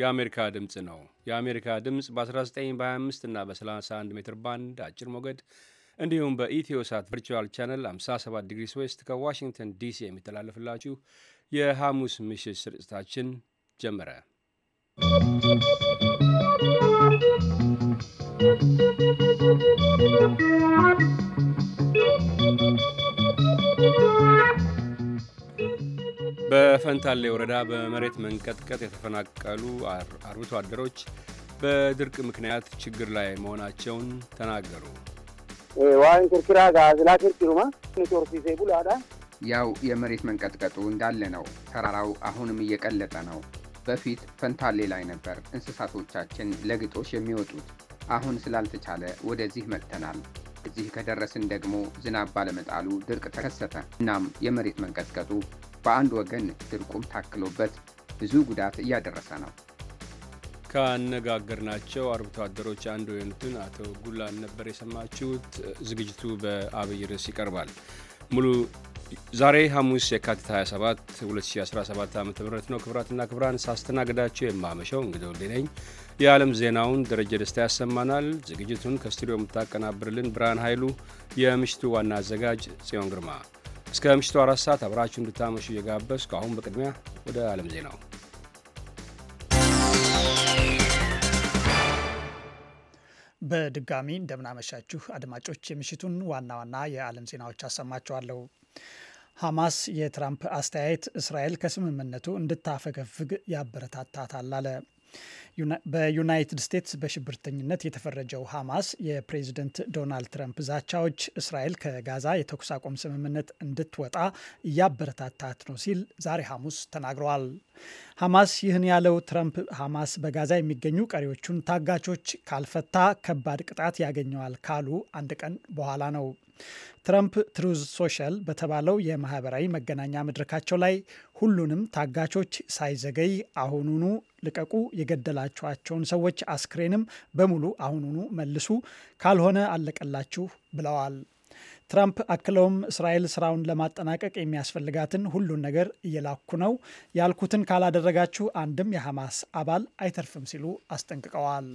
የአሜሪካ ድምፅ ነው። የአሜሪካ ድምፅ በ19 በ25 እና በ31 ሜትር ባንድ አጭር ሞገድ እንዲሁም በኢትዮ ሳት ቨርቹዋል ቻነል 57 ዲግሪ ስዌስት ከዋሽንግተን ዲሲ የሚተላለፍላችሁ የሐሙስ ምሽት ስርጭታችን ጀመረ። ¶¶ በፈንታሌ ወረዳ በመሬት መንቀጥቀጥ የተፈናቀሉ አርብቶ አደሮች በድርቅ ምክንያት ችግር ላይ መሆናቸውን ተናገሩ። ዋን ክርክራ ጋዝላ ክርኪሩማ ቶርሲሴ ቡላዳ ያው የመሬት መንቀጥቀጡ እንዳለ ነው። ተራራው አሁንም እየቀለጠ ነው። በፊት ፈንታሌ ላይ ነበር እንስሳቶቻችን ለግጦሽ የሚወጡት። አሁን ስላልተቻለ ወደዚህ መጥተናል። እዚህ ከደረስን ደግሞ ዝናብ ባለመጣሉ ድርቅ ተከሰተ። እናም የመሬት መንቀጥቀጡ በአንድ ወገን ድርቁም ታክሎበት ብዙ ጉዳት እያደረሰ ነው። ካነጋገርናቸው አርብቶ አደሮች አንዱ የሆኑትን አቶ ጉላን ነበር የሰማችሁት። ዝግጅቱ በአብይ ርዕስ ይቀርባል። ሙሉ ዛሬ ሐሙስ የካቲት 27 2017 ዓ ም ነው። ክብራትና ክብራን ሳስተናግዳቸው የማመሸው እንግዲህ ወልዴ ነኝ። የዓለም ዜናውን ደረጀ ደስታ ያሰማናል። ዝግጅቱን ከስቱዲዮ የምታቀናብርልን ብርሃን ኃይሉ፣ የምሽቱ ዋና አዘጋጅ ጽዮን ግርማ እስከ ምሽቱ አራት ሰዓት አብራችሁ እንድታመሹ እየጋበዝኩ አሁን በቅድሚያ ወደ ዓለም ዜናው። በድጋሚ እንደምናመሻችሁ አድማጮች፣ የምሽቱን ዋና ዋና የዓለም ዜናዎች አሰማችኋለሁ። ሐማስ የትራምፕ አስተያየት እስራኤል ከስምምነቱ እንድታፈገፍግ ያበረታታታል አለ። በዩናይትድ ስቴትስ በሽብርተኝነት የተፈረጀው ሐማስ የፕሬዚደንት ዶናልድ ትረምፕ ዛቻዎች እስራኤል ከጋዛ የተኩስ አቁም ስምምነት እንድትወጣ እያበረታታት ነው ሲል ዛሬ ሐሙስ ተናግረዋል። ሐማስ ይህን ያለው ትራምፕ ሐማስ በጋዛ የሚገኙ ቀሪዎቹን ታጋቾች ካልፈታ ከባድ ቅጣት ያገኘዋል ካሉ አንድ ቀን በኋላ ነው። ትራምፕ ትሩዝ ሶሻል በተባለው የማህበራዊ መገናኛ መድረካቸው ላይ ሁሉንም ታጋቾች ሳይዘገይ አሁኑኑ ልቀቁ፣ የገደላችኋቸውን ሰዎች አስክሬንም በሙሉ አሁኑኑ መልሱ፣ ካልሆነ አለቀላችሁ ብለዋል። ትራምፕ አክለውም እስራኤል ስራውን ለማጠናቀቅ የሚያስፈልጋትን ሁሉን ነገር እየላኩ ነው፣ ያልኩትን ካላደረጋችሁ አንድም የሐማስ አባል አይተርፍም ሲሉ አስጠንቅቀዋል።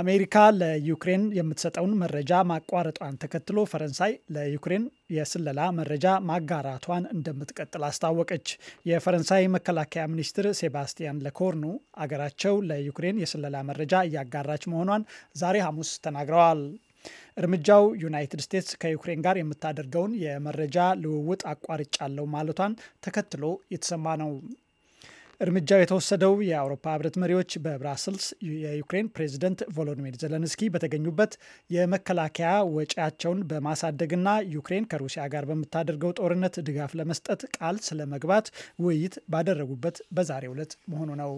አሜሪካ ለዩክሬን የምትሰጠውን መረጃ ማቋረጧን ተከትሎ ፈረንሳይ ለዩክሬን የስለላ መረጃ ማጋራቷን እንደምትቀጥል አስታወቀች። የፈረንሳይ መከላከያ ሚኒስትር ሴባስቲያን ለኮርኑ አገራቸው ለዩክሬን የስለላ መረጃ እያጋራች መሆኗን ዛሬ ሐሙስ ተናግረዋል። እርምጃው ዩናይትድ ስቴትስ ከዩክሬን ጋር የምታደርገውን የመረጃ ልውውጥ አቋርጫለሁ ማለቷን ተከትሎ የተሰማ ነው። እርምጃው የተወሰደው የአውሮፓ ህብረት መሪዎች በብራስልስ የዩክሬን ፕሬዚደንት ቮሎዲሚር ዘለንስኪ በተገኙበት የመከላከያ ወጪያቸውን በማሳደግና ዩክሬን ከሩሲያ ጋር በምታደርገው ጦርነት ድጋፍ ለመስጠት ቃል ስለመግባት ውይይት ባደረጉበት በዛሬው ዕለት መሆኑ ነው።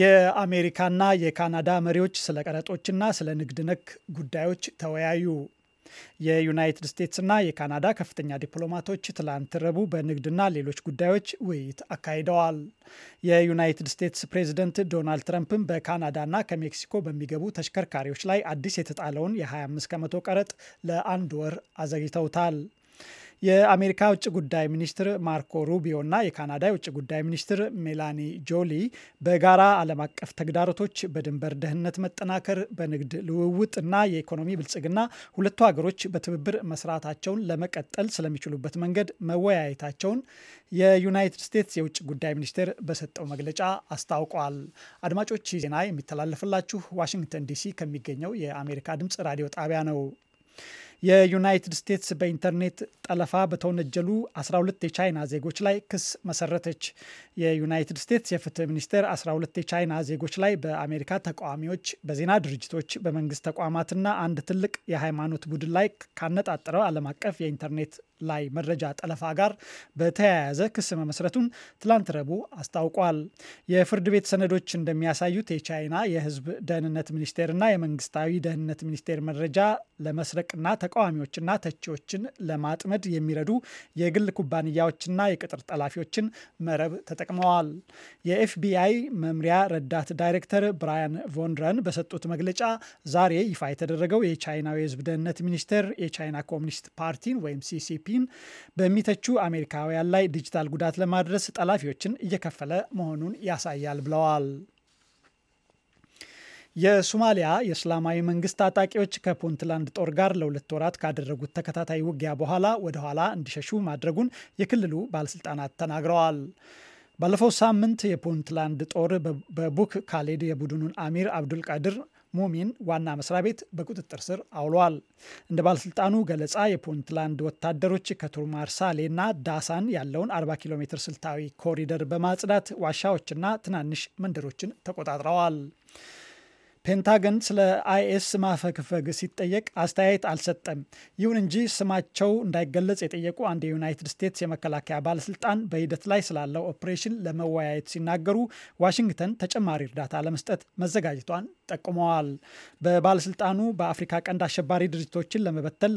የአሜሪካና የካናዳ መሪዎች ስለ ቀረጦችና ስለ ንግድ ነክ ጉዳዮች ተወያዩ። የዩናይትድ ስቴትስና የካናዳ ከፍተኛ ዲፕሎማቶች ትላንት ረቡዕ በንግድና ሌሎች ጉዳዮች ውይይት አካሂደዋል። የዩናይትድ ስቴትስ ፕሬዚደንት ዶናልድ ትራምፕም በካናዳና ከሜክሲኮ በሚገቡ ተሽከርካሪዎች ላይ አዲስ የተጣለውን የ25 ከመቶ ቀረጥ ለአንድ ወር አዘግይተውታል። የአሜሪካ ውጭ ጉዳይ ሚኒስትር ማርኮ ሩቢዮ እና የካናዳ የውጭ ጉዳይ ሚኒስትር ሜላኒ ጆሊ በጋራ ዓለም አቀፍ ተግዳሮቶች፣ በድንበር ደህንነት መጠናከር፣ በንግድ ልውውጥ እና የኢኮኖሚ ብልጽግና ሁለቱ ሀገሮች በትብብር መስራታቸውን ለመቀጠል ስለሚችሉበት መንገድ መወያየታቸውን የዩናይትድ ስቴትስ የውጭ ጉዳይ ሚኒስቴር በሰጠው መግለጫ አስታውቋል። አድማጮች ዜና የሚተላለፍላችሁ ዋሽንግተን ዲሲ ከሚገኘው የአሜሪካ ድምጽ ራዲዮ ጣቢያ ነው። የዩናይትድ ስቴትስ በኢንተርኔት ጠለፋ በተወነጀሉ 12 የቻይና ዜጎች ላይ ክስ መሰረተች። የዩናይትድ ስቴትስ የፍትህ ሚኒስቴር 12 የቻይና ዜጎች ላይ በአሜሪካ ተቃዋሚዎች፣ በዜና ድርጅቶች፣ በመንግስት ተቋማትና አንድ ትልቅ የሃይማኖት ቡድን ላይ ካነጣጠረው ዓለም አቀፍ የኢንተርኔት ላይ መረጃ ጠለፋ ጋር በተያያዘ ክስ መመስረቱን ትላንት ረቡዕ አስታውቋል። የፍርድ ቤት ሰነዶች እንደሚያሳዩት የቻይና የህዝብ ደህንነት ሚኒስቴርና የመንግስታዊ ደህንነት ሚኒስቴር መረጃ ለመስረቅና ተቃዋሚዎችና ተቺዎችን ለማጥመድ የሚረዱ የግል ኩባንያዎችና የቅጥር ጠላፊዎችን መረብ ተጠቅመዋል። የኤፍቢአይ መምሪያ ረዳት ዳይሬክተር ብራያን ቮንድረን በሰጡት መግለጫ ዛሬ ይፋ የተደረገው የቻይናው የህዝብ ደህንነት ሚኒስቴር የቻይና ኮሚኒስት ፓርቲን ወይም ሲሲፒ ፊሊፒን በሚተቹ አሜሪካውያን ላይ ዲጂታል ጉዳት ለማድረስ ጠላፊዎችን እየከፈለ መሆኑን ያሳያል ብለዋል። የሶማሊያ የእስላማዊ መንግስት ታጣቂዎች ከፑንትላንድ ጦር ጋር ለሁለት ወራት ካደረጉት ተከታታይ ውጊያ በኋላ ወደ ኋላ እንዲሸሹ ማድረጉን የክልሉ ባለስልጣናት ተናግረዋል። ባለፈው ሳምንት የፑንትላንድ ጦር በቡክ ካሌድ የቡድኑን አሚር አብዱል ቃድር ሙሚን ዋና መስሪያ ቤት በቁጥጥር ስር አውሏል። እንደ ባለስልጣኑ ገለጻ የፑንትላንድ ወታደሮች ከቱርማርሳሌና ዳሳን ያለውን 40 ኪሎ ሜትር ስልታዊ ኮሪደር በማጽዳት ዋሻዎችና ትናንሽ መንደሮችን ተቆጣጥረዋል። ፔንታገን ስለ አይኤስ ማፈግፈግ ሲጠየቅ አስተያየት አልሰጠም። ይሁን እንጂ ስማቸው እንዳይገለጽ የጠየቁ አንድ የዩናይትድ ስቴትስ የመከላከያ ባለስልጣን በሂደት ላይ ስላለው ኦፕሬሽን ለመወያየት ሲናገሩ ዋሽንግተን ተጨማሪ እርዳታ ለመስጠት መዘጋጀቷን ጠቁመዋል። በባለስልጣኑ በአፍሪካ ቀንድ አሸባሪ ድርጅቶችን ለመበተን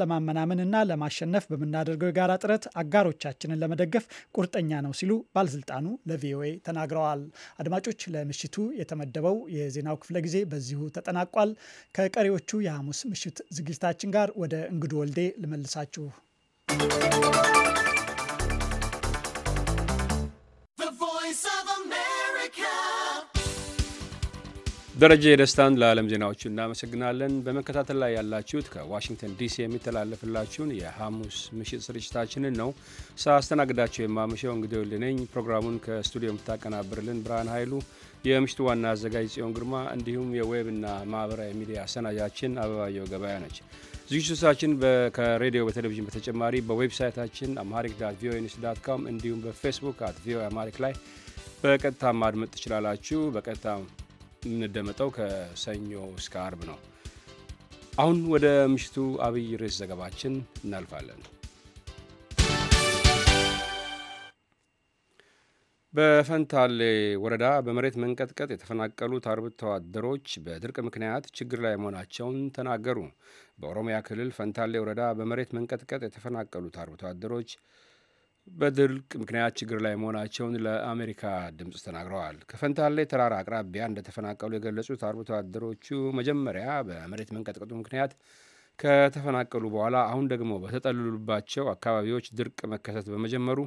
እና ለማሸነፍ በምናደርገው የጋራ ጥረት አጋሮቻችንን ለመደገፍ ቁርጠኛ ነው ሲሉ ባለስልጣኑ ለቪኦኤ ተናግረዋል። አድማጮች፣ ለምሽቱ የተመደበው የዜናው ክፍለ ጊዜ በዚሁ በዚሁ ተጠናቋል። ከቀሪዎቹ የሐሙስ ምሽት ዝግጅታችን ጋር ወደ እንግዱ ወልዴ ልመልሳችሁ። ደረጀ የደስታን ለዓለም ዜናዎቹ እናመሰግናለን። በመከታተል ላይ ያላችሁት ከዋሽንግተን ዲሲ የሚተላለፍላችሁን የሐሙስ ምሽት ስርጭታችንን ነው። ሳስተናግዳቸው የማመሸው እንግዲህ ልነኝ ፕሮግራሙን ከስቱዲዮ የምታቀናብርልን ብርሃን ኃይሉ የምሽቱ ዋና አዘጋጅ ጽዮን ግርማ እንዲሁም የዌብና ማህበራዊ ሚዲያ አሰናጃችን አበባየው ገበያ ነች። ዝግጅቶቻችን ከሬዲዮ በቴሌቪዥን በተጨማሪ በዌብሳይታችን አማሪክ ዳት ቪኦኤ ኒውስ ዳት ካም እንዲሁም በፌስቡክ አት ቪኦኤ አማሪክ ላይ በቀጥታ ማድመጥ ትችላላችሁ። በቀጥታ የምንደመጠው ከሰኞ እስከ አርብ ነው። አሁን ወደ ምሽቱ አብይ ርዕስ ዘገባችን እናልፋለን። በፈንታሌ ወረዳ በመሬት መንቀጥቀጥ የተፈናቀሉት አርብቶ አደሮች በድርቅ ምክንያት ችግር ላይ መሆናቸውን ተናገሩ። በኦሮሚያ ክልል ፈንታሌ ወረዳ በመሬት መንቀጥቀጥ የተፈናቀሉት አርብቶ አደሮች በድርቅ ምክንያት ችግር ላይ መሆናቸውን ለአሜሪካ ድምፅ ተናግረዋል። ከፈንታሌ ተራራ አቅራቢያ እንደተፈናቀሉ የገለጹት አርብቶ አደሮቹ መጀመሪያ በመሬት መንቀጥቀጡ ምክንያት ከተፈናቀሉ በኋላ አሁን ደግሞ በተጠልሉባቸው አካባቢዎች ድርቅ መከሰት በመጀመሩ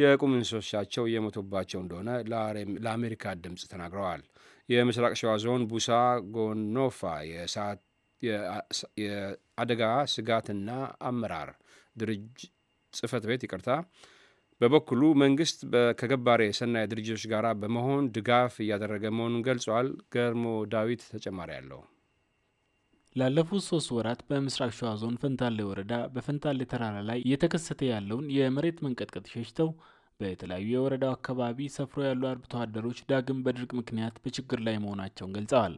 የቁም እንስሶቻቸው እየሞቱባቸው እንደሆነ ለአሜሪካ ድምፅ ተናግረዋል። የምስራቅ ሸዋ ዞን ቡሳ ጎኖፋ የአደጋ ስጋትና አመራር ድርጅ ጽህፈት ቤት ይቅርታ በበኩሉ መንግስት ከገባሬ ሰናይ ድርጅቶች ጋር በመሆን ድጋፍ እያደረገ መሆኑን ገልጿል። ገርሞ ዳዊት ተጨማሪ አለው። ላለፉት ሶስት ወራት በምስራቅ ሸዋ ዞን ፈንታሌ ወረዳ በፈንታሌ ተራራ ላይ እየተከሰተ ያለውን የመሬት መንቀጥቀጥ ሸሽተው በተለያዩ የወረዳው አካባቢ ሰፍሮ ያሉ አርብቶ አደሮች ዳግም በድርቅ ምክንያት በችግር ላይ መሆናቸውን ገልጸዋል።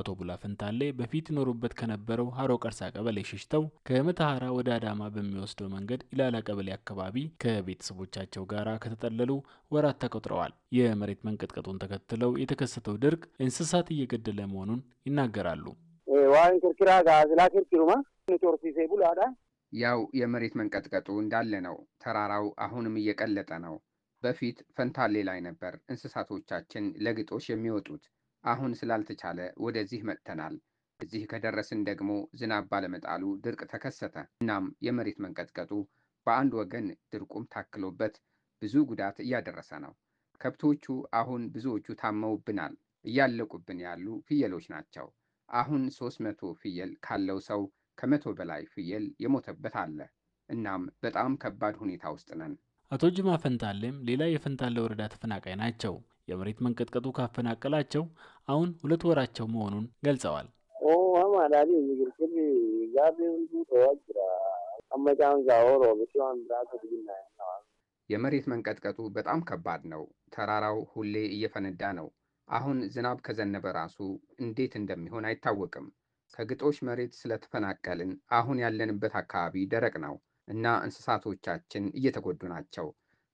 አቶ ቡላ ፈንታሌ በፊት ይኖሩበት ከነበረው ሀሮ ቀርሳ ቀበሌ ሸሽተው ከመተሐራ ወደ አዳማ በሚወስደው መንገድ ኢላላ ቀበሌ አካባቢ ከቤተሰቦቻቸው ጋር ከተጠለሉ ወራት ተቆጥረዋል። የመሬት መንቀጥቀጡን ተከትለው የተከሰተው ድርቅ እንስሳት እየገደለ መሆኑን ይናገራሉ። ዋን ክርክራ ጋዝላ ክርኪሩማ ኑቲ ቡላዳ ያው የመሬት መንቀጥቀጡ እንዳለ ነው። ተራራው አሁንም እየቀለጠ ነው። በፊት ፈንታሌ ላይ ነበር እንስሳቶቻችን ለግጦሽ የሚወጡት። አሁን ስላልተቻለ ወደዚህ መጥተናል። እዚህ ከደረስን ደግሞ ዝናብ ባለመጣሉ ድርቅ ተከሰተ። እናም የመሬት መንቀጥቀጡ በአንድ ወገን ድርቁም ታክሎበት ብዙ ጉዳት እያደረሰ ነው። ከብቶቹ አሁን ብዙዎቹ ታመውብናል። እያለቁብን ያሉ ፍየሎች ናቸው። አሁን 300 መቶ ፍየል ካለው ሰው ከመቶ በላይ ፍየል የሞተበት አለ። እናም በጣም ከባድ ሁኔታ ውስጥ ነን። አቶ ጅማ ፈንታሌም ሌላ የፈንታሌ ወረዳ ተፈናቃይ ናቸው። የመሬት መንቀጥቀጡ ካፈናቀላቸው አሁን ሁለት ወራቸው መሆኑን ገልጸዋል። የመሬት መንቀጥቀጡ በጣም ከባድ ነው። ተራራው ሁሌ እየፈነዳ ነው። አሁን ዝናብ ከዘነበ ራሱ እንዴት እንደሚሆን አይታወቅም። ከግጦሽ መሬት ስለተፈናቀልን አሁን ያለንበት አካባቢ ደረቅ ነው እና እንስሳቶቻችን እየተጎዱ ናቸው።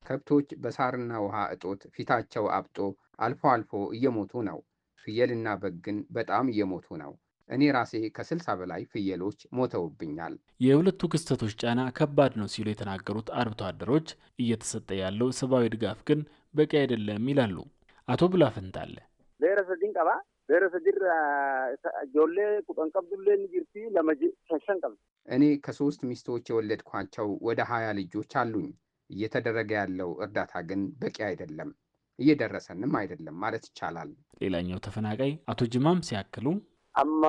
ከብቶች በሳርና ውሃ እጦት ፊታቸው አብጦ አልፎ አልፎ እየሞቱ ነው። ፍየልና በግ ግን በጣም እየሞቱ ነው። እኔ ራሴ ከስልሳ በላይ ፍየሎች ሞተውብኛል። የሁለቱ ክስተቶች ጫና ከባድ ነው ሲሉ የተናገሩት አርብቶ አደሮች እየተሰጠ ያለው ሰብአዊ ድጋፍ ግን በቂ አይደለም ይላሉ። አቶ ቡላ ፈንጣለ ብሔረሰብ ቀባ ብሔረሰብ ድር ጆሌ ንጅርቲ ለመጅ ሸሸን እኔ ከሶስት ሚስቶች የወለድኳቸው ወደ ሀያ ልጆች አሉኝ። እየተደረገ ያለው እርዳታ ግን በቂ አይደለም፣ እየደረሰንም አይደለም ማለት ይቻላል። ሌላኛው ተፈናቃይ አቶ ጅማም ሲያክሉ አማ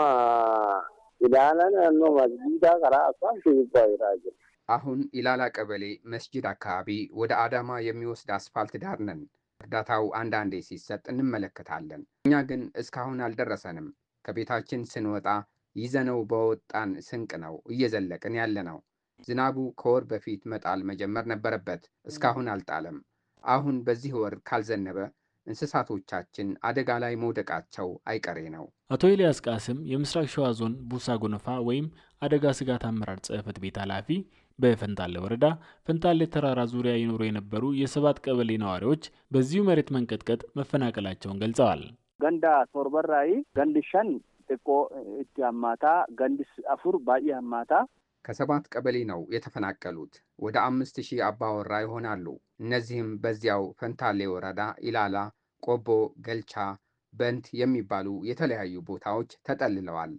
አሁን ኢላላ ቀበሌ መስጂድ አካባቢ ወደ አዳማ የሚወስድ አስፋልት ዳር ነን። እርዳታው አንዳንዴ ሲሰጥ እንመለከታለን። እኛ ግን እስካሁን አልደረሰንም። ከቤታችን ስንወጣ ይዘነው በወጣን ስንቅ ነው እየዘለቅን ያለ ነው። ዝናቡ ከወር በፊት መጣል መጀመር ነበረበት። እስካሁን አልጣለም። አሁን በዚህ ወር ካልዘነበ እንስሳቶቻችን አደጋ ላይ መውደቃቸው አይቀሬ ነው። አቶ ኤልያስ ቃስም የምስራቅ ሸዋ ዞን ቡሳ ጎነፋ ወይም አደጋ ስጋት አመራር ጽህፈት ቤት ኃላፊ በፈንታሌ ወረዳ ፈንታሌ ተራራ ዙሪያ ይኖሩ የነበሩ የሰባት ቀበሌ ነዋሪዎች በዚሁ መሬት መንቀጥቀጥ መፈናቀላቸውን ገልጸዋል። ገንዳ ሶርበራይ ገንድሸን ጥቆ እቲ አማታ ገንድስ አፉር ባኢ አማታ ከሰባት ቀበሌ ነው የተፈናቀሉት። ወደ አምስት ሺህ አባወራ ይሆናሉ። እነዚህም በዚያው ፈንታሌ ወረዳ ኢላላ፣ ቆቦ፣ ገልቻ፣ በንት የሚባሉ የተለያዩ ቦታዎች ተጠልለዋል።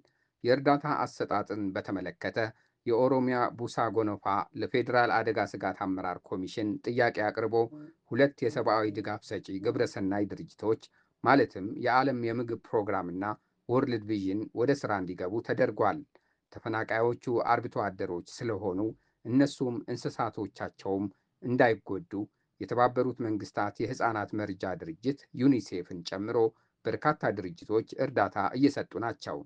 የእርዳታ አሰጣጥን በተመለከተ የኦሮሚያ ቡሳ ጎኖፋ ለፌዴራል አደጋ ስጋት አመራር ኮሚሽን ጥያቄ አቅርቦ ሁለት የሰብአዊ ድጋፍ ሰጪ ግብረሰናይ ድርጅቶች ማለትም የዓለም የምግብ ፕሮግራምና ወርልድ ቪዥን ወደ ስራ እንዲገቡ ተደርጓል። ተፈናቃዮቹ አርብቶ አደሮች ስለሆኑ እነሱም እንስሳቶቻቸውም እንዳይጎዱ የተባበሩት መንግስታት የህፃናት መርጃ ድርጅት ዩኒሴፍን ጨምሮ በርካታ ድርጅቶች እርዳታ እየሰጡ ናቸው።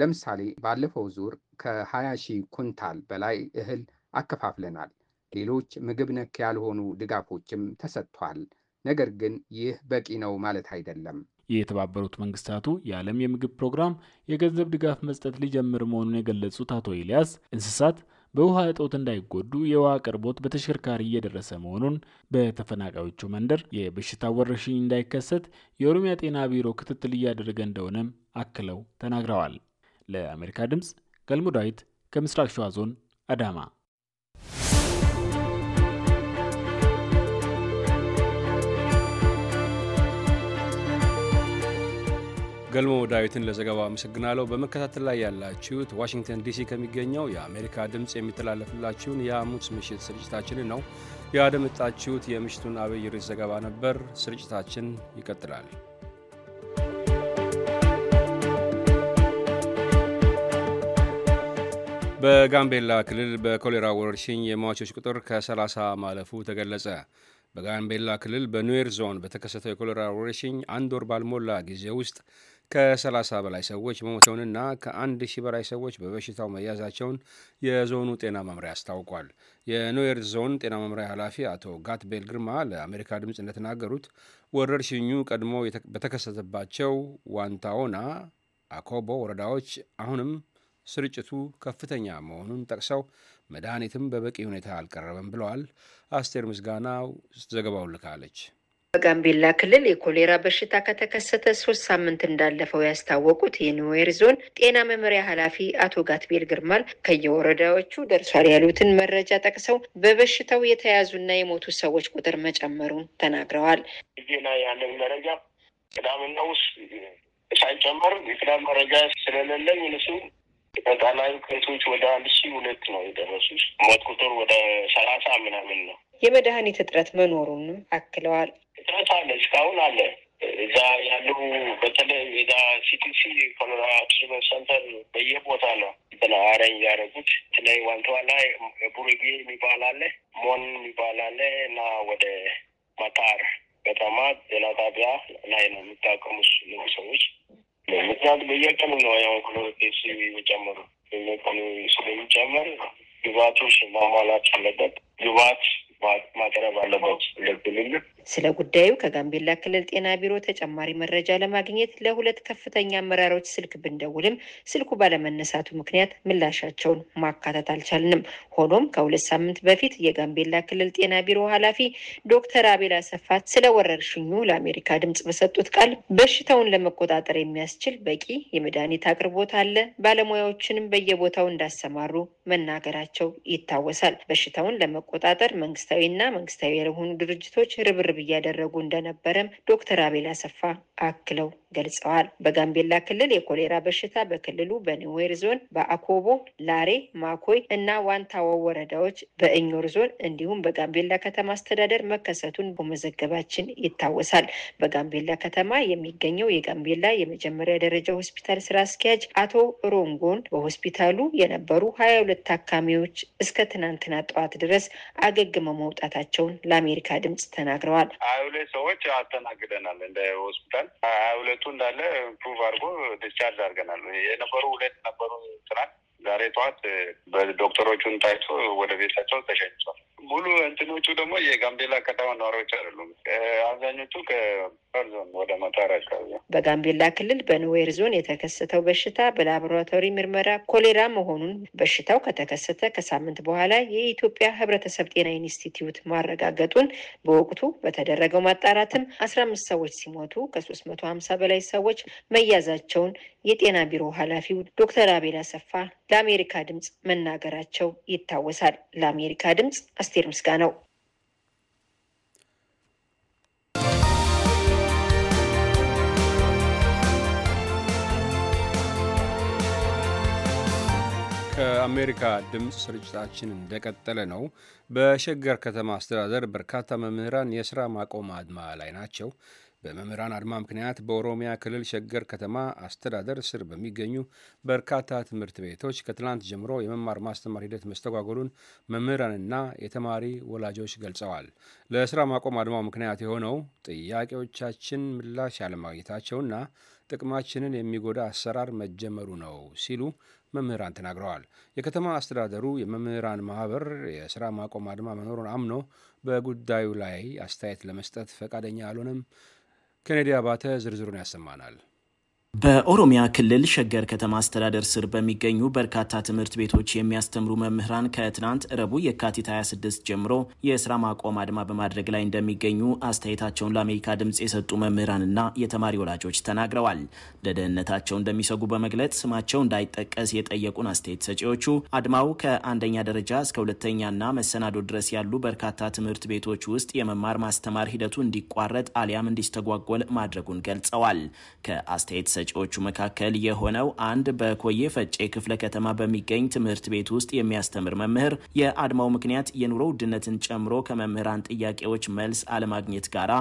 ለምሳሌ ባለፈው ዙር ከ20 ሺህ ኩንታል በላይ እህል አከፋፍለናል። ሌሎች ምግብ ነክ ያልሆኑ ድጋፎችም ተሰጥቷል። ነገር ግን ይህ በቂ ነው ማለት አይደለም። የተባበሩት መንግስታቱ የዓለም የምግብ ፕሮግራም የገንዘብ ድጋፍ መስጠት ሊጀምር መሆኑን የገለጹት አቶ ኤልያስ እንስሳት በውሃ እጦት እንዳይጎዱ የውሃ አቅርቦት በተሽከርካሪ እየደረሰ መሆኑን፣ በተፈናቃዮቹ መንደር የበሽታ ወረርሽኝ እንዳይከሰት የኦሮሚያ ጤና ቢሮ ክትትል እያደረገ እንደሆነም አክለው ተናግረዋል። ለአሜሪካ ድምፅ ገልሞ ዳዊት ከምስራቅ ሸዋ ዞን አዳማ። ገልሞ ዳዊትን ለዘገባው አመሰግናለሁ። በመከታተል ላይ ያላችሁት ዋሽንግተን ዲሲ ከሚገኘው የአሜሪካ ድምፅ የሚተላለፍላችሁን የሐሙስ ምሽት ስርጭታችንን ነው። ያደመጣችሁት የምሽቱን አብይ ርዕስ ዘገባ ነበር። ስርጭታችን ይቀጥላል። በጋምቤላ ክልል በኮሌራ ወረርሽኝ የሟቾች ቁጥር ከ30 ማለፉ ተገለጸ። በጋምቤላ ክልል በኑዌር ዞን በተከሰተው የኮሌራ ወረርሽኝ አንድ ወር ባልሞላ ጊዜ ውስጥ ከ30 በላይ ሰዎች መሞተውንና ከአንድ ሺህ በላይ ሰዎች በበሽታው መያዛቸውን የዞኑ ጤና መምሪያ አስታውቋል። የኖዌር ዞን ጤና መምሪያ ኃላፊ አቶ ጋትቤል ግርማ ለአሜሪካ ድምፅ እንደተናገሩት ወረርሽኙ ቀድሞ በተከሰተባቸው ዋንታዎና አኮቦ ወረዳዎች አሁንም ስርጭቱ ከፍተኛ መሆኑን ጠቅሰው መድኃኒትም በበቂ ሁኔታ አልቀረበም ብለዋል። አስቴር ምስጋናው ዘገባውን ልካለች። በጋምቤላ ክልል የኮሌራ በሽታ ከተከሰተ ሶስት ሳምንት እንዳለፈው ያስታወቁት የኒዌር ዞን ጤና መምሪያ ኃላፊ አቶ ጋትቤል ግርማል ከየወረዳዎቹ ደርሷል ያሉትን መረጃ ጠቅሰው በበሽታው የተያዙና የሞቱ ሰዎች ቁጥር መጨመሩን ተናግረዋል። ዜና ያለን መረጃ ቅዳምና ውስጥ ሳይጨመር የቅዳም መረጃ ስለሌለኝ እነሱ ጠቅላላ ኬሶች ወደ አንድ ሺ ሁለት ነው የደረሱት። ሞት ቁጥር ወደ ሰላሳ ምናምን ነው። የመድኃኒት እጥረት መኖሩንም አክለዋል። እጥረት አለ፣ እስካሁን አለ። እዛ ያሉ በተለይ እዛ ሲቲሲ ኮሎራ ትሪትመንት ሰንተር በየቦታ ነው አረንጅ ያደረጉት። ትለይ በተለይ ላይ ቡሬጌ የሚባል አለ፣ ሞን የሚባል አለ እና ወደ መታር ከተማ ጤና ጣቢያ ላይ ነው የሚታከሙ ሰዎች ምክንያቱም በየቀኑ ነው ያው ኮሎቴሲ የሚጨምሩ ስለሚጨምር ግባቶች ማሟላት አለበት፣ ግባት ማቅረብ አለበት። እንደ ስለ ጉዳዩ ከጋምቤላ ክልል ጤና ቢሮ ተጨማሪ መረጃ ለማግኘት ለሁለት ከፍተኛ አመራሮች ስልክ ብንደውልም ስልኩ ባለመነሳቱ ምክንያት ምላሻቸውን ማካተት አልቻልንም። ሆኖም ከሁለት ሳምንት በፊት የጋምቤላ ክልል ጤና ቢሮ ኃላፊ ዶክተር አቤል አሰፋት ስለ ወረርሽኙ ለአሜሪካ ድምጽ በሰጡት ቃል በሽታውን ለመቆጣጠር የሚያስችል በቂ የመድኃኒት አቅርቦት አለ፣ ባለሙያዎችንም በየቦታው እንዳሰማሩ መናገራቸው ይታወሳል። በሽታውን ለመቆጣጠር መንግስታዊና መንግስታዊ ያልሆኑ ድርጅቶች ርብርብ እያደረጉ እንደነበረም ዶክተር አቤል አሰፋ አክለው ገልጸዋል። በጋምቤላ ክልል የኮሌራ በሽታ በክልሉ በኒዌር ዞን በአኮቦ፣ ላሬ፣ ማኮይ እና ዋንታዋ ወረዳዎች በእኞር ዞን እንዲሁም በጋምቤላ ከተማ አስተዳደር መከሰቱን በመዘገባችን ይታወሳል። በጋምቤላ ከተማ የሚገኘው የጋምቤላ የመጀመሪያ ደረጃ ሆስፒታል ስራ አስኪያጅ አቶ ሮንጎን በሆስፒታሉ የነበሩ ሀያ ሁለት ታካሚዎች እስከ ትናንትና ጠዋት ድረስ አገግመው መውጣታቸውን ለአሜሪካ ድምጽ ተናግረዋል። ሀያ ሁለት ሰዎች አስተናግደናል እንደ ሆስፒታል ሀያ ሁለቱ እንዳለ ፕሩቭ አድርጎ ዲስቻርጅ አድርገናል። የነበሩ ሁለት ነበሩ ትናንት ዛሬ ጠዋት በዶክተሮቹን ታይቶ ወደ ቤታቸው ተሸኝቷል። ሙሉ እንትኖቹ ደግሞ የጋምቤላ ከተማ ነዋሪዎች አይደሉም። አብዛኞቹ ከፐር ዞን ወደ መታራ አካባቢ በጋምቤላ ክልል በንዌር ዞን የተከሰተው በሽታ በላቦራቶሪ ምርመራ ኮሌራ መሆኑን በሽታው ከተከሰተ ከሳምንት በኋላ የኢትዮጵያ ሕብረተሰብ ጤና ኢንስቲትዩት ማረጋገጡን በወቅቱ በተደረገው ማጣራትም አስራ አምስት ሰዎች ሲሞቱ ከሶስት መቶ ሀምሳ በላይ ሰዎች መያዛቸውን የጤና ቢሮ ኃላፊው ዶክተር አቤል አሰፋ ለአሜሪካ ድምፅ መናገራቸው ይታወሳል። ለአሜሪካ ድምፅ አስቴር ነው። ከአሜሪካ ድምፅ ስርጭታችን እንደቀጠለ ነው። በሸገር ከተማ አስተዳደር በርካታ መምህራን የስራ ማቆም አድማ ላይ ናቸው። በመምህራን አድማ ምክንያት በኦሮሚያ ክልል ሸገር ከተማ አስተዳደር ስር በሚገኙ በርካታ ትምህርት ቤቶች ከትላንት ጀምሮ የመማር ማስተማር ሂደት መስተጓጎሉን መምህራንና የተማሪ ወላጆች ገልጸዋል። ለስራ ማቆም አድማው ምክንያት የሆነው ጥያቄዎቻችን ምላሽ ያለማግኘታቸውና ጥቅማችንን የሚጎዳ አሰራር መጀመሩ ነው ሲሉ መምህራን ተናግረዋል። የከተማ አስተዳደሩ የመምህራን ማህበር የስራ ማቆም አድማ መኖሩን አምኖ በጉዳዩ ላይ አስተያየት ለመስጠት ፈቃደኛ አልሆነም። ኬኔዲ አባተ ዝርዝሩን ያሰማናል። በኦሮሚያ ክልል ሸገር ከተማ አስተዳደር ስር በሚገኙ በርካታ ትምህርት ቤቶች የሚያስተምሩ መምህራን ከትናንት ረቡ የካቲት 26 ጀምሮ የስራ ማቆም አድማ በማድረግ ላይ እንደሚገኙ አስተያየታቸውን ለአሜሪካ ድምፅ የሰጡ መምህራንና የተማሪ ወላጆች ተናግረዋል። ለደህንነታቸው እንደሚሰጉ በመግለጽ ስማቸው እንዳይጠቀስ የጠየቁን አስተያየት ሰጪዎቹ አድማው ከአንደኛ ደረጃ እስከ ሁለተኛና መሰናዶ ድረስ ያሉ በርካታ ትምህርት ቤቶች ውስጥ የመማር ማስተማር ሂደቱ እንዲቋረጥ አሊያም እንዲስተጓጎል ማድረጉን ገልጸዋል። ከአስተያየት ሰጪዎቹ መካከል የሆነው አንድ በኮዬ ፈጬ ክፍለ ከተማ በሚገኝ ትምህርት ቤት ውስጥ የሚያስተምር መምህር የአድማው ምክንያት የኑሮ ውድነትን ጨምሮ ከመምህራን ጥያቄዎች መልስ አለማግኘት ጋራ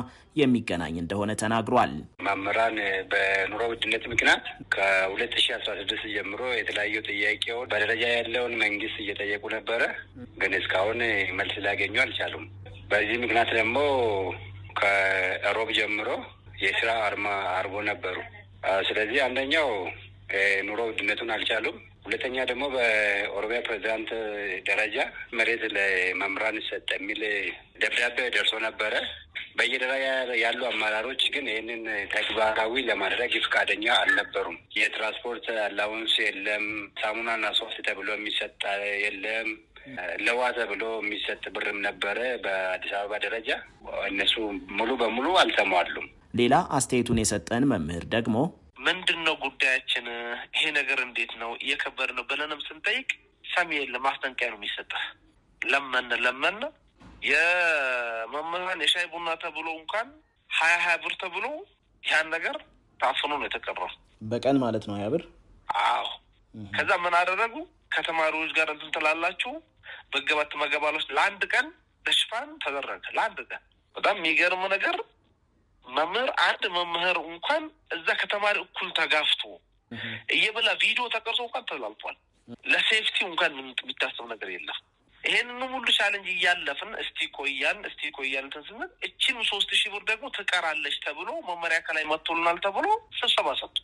የሚገናኝ እንደሆነ ተናግሯል። መምህራን በኑሮ ውድነት ምክንያት ከሁለት ሺ አስራ ስድስት ጀምሮ የተለያዩ ጥያቄውን በደረጃ ያለውን መንግስት እየጠየቁ ነበረ፣ ግን እስካሁን መልስ ሊያገኙ አልቻሉም። በዚህ ምክንያት ደግሞ ከሮብ ጀምሮ የስራ አርማ አርቦ ነበሩ። ስለዚህ አንደኛው ኑሮ ውድነቱን አልቻሉም። ሁለተኛ ደግሞ በኦሮሚያ ፕሬዚዳንት ደረጃ መሬት ለመምህራን ይሰጥ የሚል ደብዳቤ ደርሶ ነበረ። በየደረጃ ያሉ አመራሮች ግን ይህንን ተግባራዊ ለማድረግ ፈቃደኛ አልነበሩም። የትራንስፖርት አላውንስ የለም፣ ሳሙናና ሶፍት ተብሎ የሚሰጥ የለም። ለዋ ተብሎ የሚሰጥ ብርም ነበረ። በአዲስ አበባ ደረጃ እነሱ ሙሉ በሙሉ አልተሟሉም። ሌላ አስተያየቱን የሰጠን መምህር ደግሞ ምንድን ነው ጉዳያችን፣ ይሄ ነገር እንዴት ነው እየከበድ ነው ብለንም ስንጠይቅ ሰሚ የለም ማስጠንቀቂያ ነው የሚሰጠ ለመን ለመን የመምህራን የሻይ ቡና ተብሎ እንኳን ሀያ ሀያ ብር ተብሎ ያን ነገር ታፍኖ ነው የተቀረው። በቀን ማለት ነው ሀያ ብር። አዎ። ከዛ ምን አደረጉ? ከተማሪዎች ጋር እንትን ትላላችሁ በገባት መገባሎች ለአንድ ቀን ለሽፋን ተደረገ። ለአንድ ቀን በጣም የሚገርሙ ነገር መምህር አንድ መምህር እንኳን እዛ ከተማሪ እኩል ተጋፍቶ እየበላ ቪዲዮ ተቀርጾ እንኳን ተላልፏል። ለሴፍቲ እንኳን የሚታሰብ ነገር የለም። ይሄንን ሁሉ ቻለንጅ እያለፍን እስቲ ቆያን እስቲ ቆያን እንትን ስንል እችን ሶስት ሺህ ብር ደግሞ ትቀራለች ተብሎ መመሪያ ከላይ መጥቶልናል ተብሎ ስብሰባ ሰጡ።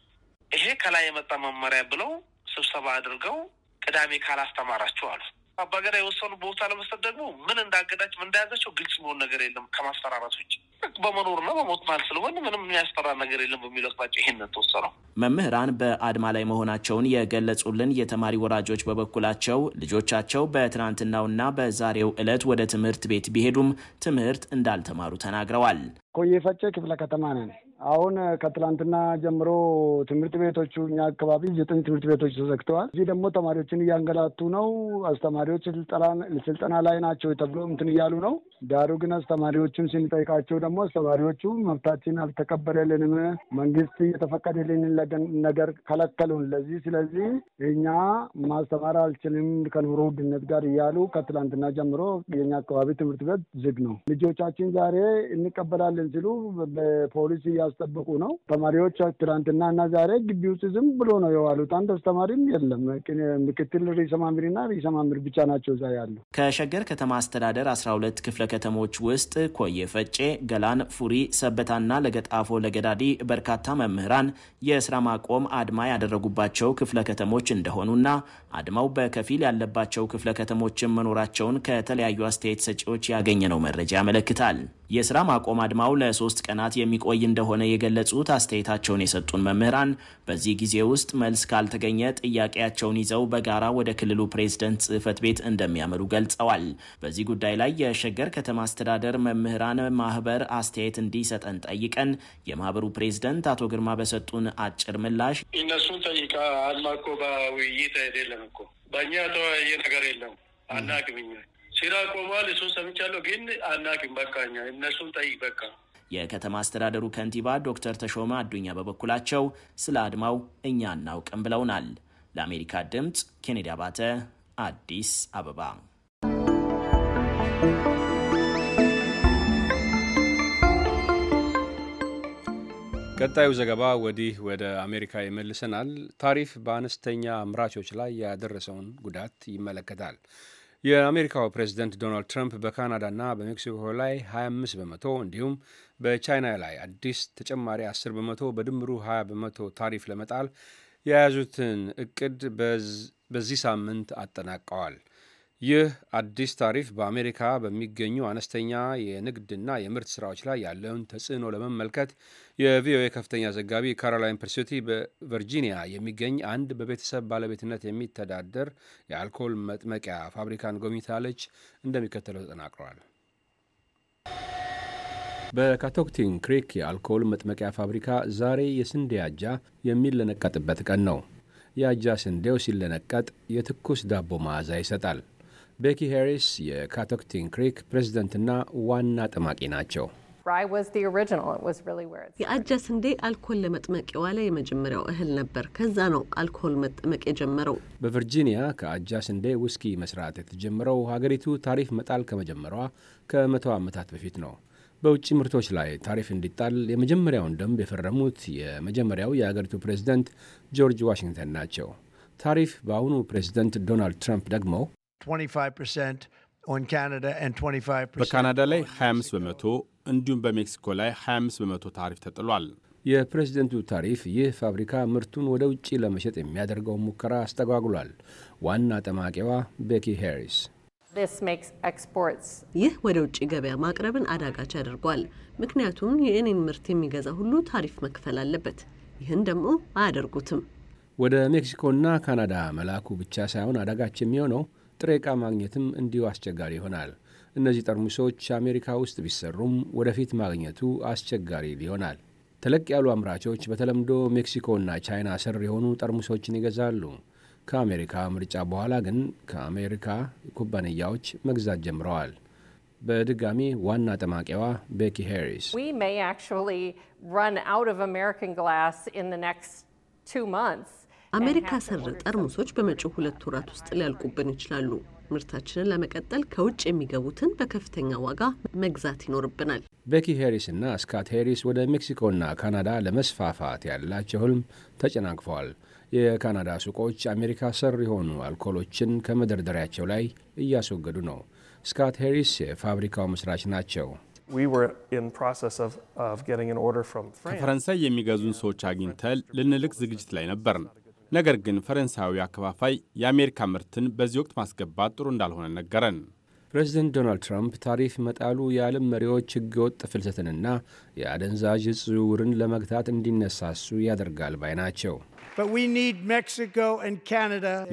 ይሄ ከላይ የመጣ መመሪያ ብለው ስብሰባ አድርገው ቅዳሜ ካላስተማራችሁ አሉ። አባገዳ የወሰኑ ቦታ ለመስጠት ደግሞ ምን እንዳገዳች ምን እንዳያዘቸው ግልጽ የሚሆን ነገር የለም ከማስፈራራት ውጭ በመኖርና በሞት ማለት ስለሆነ ምንም የሚያስፈራ ነገር የለም በሚል አቅጣጫ ተወሰነው። መምህራን በአድማ ላይ መሆናቸውን የገለጹልን የተማሪ ወራጆች በበኩላቸው ልጆቻቸው በትናንትናውና በዛሬው ዕለት ወደ ትምህርት ቤት ቢሄዱም ትምህርት እንዳልተማሩ ተናግረዋል። ኮዬ ክፍለ ከተማ ነን። አሁን ከትላንትና ጀምሮ ትምህርት ቤቶቹ እኛ አካባቢ ዘጠኝ ትምህርት ቤቶች ተዘግተዋል። እዚህ ደግሞ ተማሪዎችን እያንገላቱ ነው። አስተማሪዎች ስልጠና ላይ ናቸው ተብሎ እንትን እያሉ ነው። ዳሩ ግን አስተማሪዎቹን ስንጠይቃቸው ደግሞ አስተማሪዎቹ መብታችን አልተከበረልንም፣ መንግስት እየተፈቀደልን ነገር ከለከሉን። ለዚህ ስለዚህ እኛ ማስተማር አልችልም ከኑሮ ውድነት ጋር እያሉ ከትላንትና ጀምሮ የኛ አካባቢ ትምህርት ቤት ዝግ ነው። ልጆቻችን ዛሬ እንቀበላለን ሲሉ በፖሊስ እያ እያስጠበቁ ነው። ተማሪዎች ትናንትና እና ዛሬ ግቢ ውስጥ ዝም ብሎ ነው የዋሉት። አንድ አስተማሪም የለም። ምክትል ርዕሰ መምህርና ርዕሰ መምህር ብቻ ናቸው እዛ ያሉ። ከሸገር ከተማ አስተዳደር አስራ ሁለት ክፍለ ከተሞች ውስጥ ኮየ ፈጬ፣ ገላን፣ ፉሪ፣ ሰበታና ለገጣፎ ለገዳዲ በርካታ መምህራን የስራ ማቆም አድማ ያደረጉባቸው ክፍለ ከተሞች እንደሆኑና አድማው በከፊል ያለባቸው ክፍለ ከተሞችን መኖራቸውን ከተለያዩ አስተያየት ሰጪዎች ያገኘነው መረጃ ያመለክታል። የስራ ማቆም አድማው ለሶስት ቀናት የሚቆይ እንደሆነ የገለጹት አስተያየታቸውን የሰጡን መምህራን በዚህ ጊዜ ውስጥ መልስ ካልተገኘ ጥያቄያቸውን ይዘው በጋራ ወደ ክልሉ ፕሬዝደንት ጽህፈት ቤት እንደሚያመሩ ገልጸዋል። በዚህ ጉዳይ ላይ የሸገር ከተማ አስተዳደር መምህራን ማህበር አስተያየት እንዲሰጠን ጠይቀን የማህበሩ ፕሬዝደንት አቶ ግርማ በሰጡን አጭር ምላሽ እነሱ ጠይቃ አድማ እኮ በውይይት አይደለም እኮ በእኛ ተወያየ ነገር የለም አናግብኛል ስራ ቆሟል። እሱ ሰምቻለሁ፣ ግን አናውቅም። በቃ እኛ እነሱን ጠይቅ በቃ የከተማ አስተዳደሩ ከንቲባ ዶክተር ተሾመ አዱኛ በበኩላቸው ስለ አድማው እኛ አናውቅም ብለውናል። ለአሜሪካ ድምፅ ኬኔዲ አባተ አዲስ አበባ። ቀጣዩ ዘገባ ወዲህ ወደ አሜሪካ ይመልሰናል። ታሪፍ በአነስተኛ አምራቾች ላይ ያደረሰውን ጉዳት ይመለከታል። የአሜሪካው ፕሬዚደንት ዶናልድ ትራምፕ በካናዳና በሜክሲኮ ላይ 25 በመቶ እንዲሁም በቻይና ላይ አዲስ ተጨማሪ 10 በመቶ በድምሩ 20 በመቶ ታሪፍ ለመጣል የያዙትን እቅድ በዚህ ሳምንት አጠናቀዋል። ይህ አዲስ ታሪፍ በአሜሪካ በሚገኙ አነስተኛ የንግድና የምርት ስራዎች ላይ ያለውን ተጽዕኖ ለመመልከት የቪኦኤ ከፍተኛ ዘጋቢ ካሮላይን ፐርሲቲ በቨርጂኒያ የሚገኝ አንድ በቤተሰብ ባለቤትነት የሚተዳደር የአልኮል መጥመቂያ ፋብሪካን ጎብኝታለች። እንደሚከተለው ተጠናቅረዋል። በካቶክቲን ክሪክ የአልኮል መጥመቂያ ፋብሪካ ዛሬ የስንዴ አጃ የሚለነቀጥበት ቀን ነው። የአጃ ስንዴው ሲለነቀጥ የትኩስ ዳቦ መዓዛ ይሰጣል። ቤኪ ሄሪስ የካቶክቲን ክሪክ ፕሬዝደንትና ዋና ጠማቂ ናቸው። የአጃ ስንዴ አልኮል ለመጥመቅ የዋለ የመጀመሪያው እህል ነበር። ከዛ ነው አልኮል መጠመቅ የጀመረው። በቨርጂኒያ ከአጃ ስንዴ ውስኪ መስራት የተጀመረው ሀገሪቱ ታሪፍ መጣል ከመጀመሯ ከመቶ ዓመታት በፊት ነው። በውጭ ምርቶች ላይ ታሪፍ እንዲጣል የመጀመሪያውን ደንብ የፈረሙት የመጀመሪያው የአገሪቱ ፕሬዝደንት ጆርጅ ዋሽንግተን ናቸው። ታሪፍ በአሁኑ ፕሬዝደንት ዶናልድ ትራምፕ ደግሞ በካናዳ ላይ 25 በመቶ እንዲሁም በሜክሲኮ ላይ 25 በመቶ ታሪፍ ተጥሏል። የፕሬዝደንቱ ታሪፍ ይህ ፋብሪካ ምርቱን ወደ ውጭ ለመሸጥ የሚያደርገውን ሙከራ አስተጓጉሏል። ዋና ጠማቂዋ ቤኪ ሄሪስ ይህ ወደ ውጭ ገበያ ማቅረብን አዳጋች አድርጓል። ምክንያቱም የእኔን ምርት የሚገዛ ሁሉ ታሪፍ መክፈል አለበት። ይህን ደግሞ አያደርጉትም። ወደ ሜክሲኮና ካናዳ መላኩ ብቻ ሳይሆን አዳጋች የሚሆነው ጥሬ ዕቃ ማግኘትም እንዲሁ አስቸጋሪ ይሆናል። እነዚህ ጠርሙሶች አሜሪካ ውስጥ ቢሰሩም ወደፊት ማግኘቱ አስቸጋሪ ይሆናል። ተለቅ ያሉ አምራቾች በተለምዶ ሜክሲኮና ቻይና ስር የሆኑ ጠርሙሶችን ይገዛሉ። ከአሜሪካ ምርጫ በኋላ ግን ከአሜሪካ ኩባንያዎች መግዛት ጀምረዋል። በድጋሚ ዋና ጠማቂዋ ቤኪ ሄሪስ አሜሪካ ስር ጠርሙሶች በመጪው ሁለት ወራት ውስጥ ሊያልቁብን ይችላሉ። ምርታችንን ለመቀጠል ከውጭ የሚገቡትን በከፍተኛ ዋጋ መግዛት ይኖርብናል። ቤኪ ሄሪስ እና ስካት ሄሪስ ወደ ሜክሲኮና ካናዳ ለመስፋፋት ያላቸው ህልም ተጨናግፈዋል። የካናዳ ሱቆች አሜሪካ ሰር የሆኑ አልኮሎችን ከመደርደሪያቸው ላይ እያስወገዱ ነው። ስካት ሄሪስ የፋብሪካው መስራች ናቸው። ከፈረንሳይ የሚገዙን ሰዎች አግኝተን ልንልክ ዝግጅት ላይ ነበርን። ነገር ግን ፈረንሳዊ አከፋፋይ የአሜሪካ ምርትን በዚህ ወቅት ማስገባት ጥሩ እንዳልሆነ ነገረን። ፕሬዚደንት ዶናልድ ትራምፕ ታሪፍ መጣሉ የዓለም መሪዎች ህገወጥ ፍልሰትንና የአደንዛዥ እጽ ዝውውርን ለመግታት እንዲነሳሱ ያደርጋል ባይ ናቸው።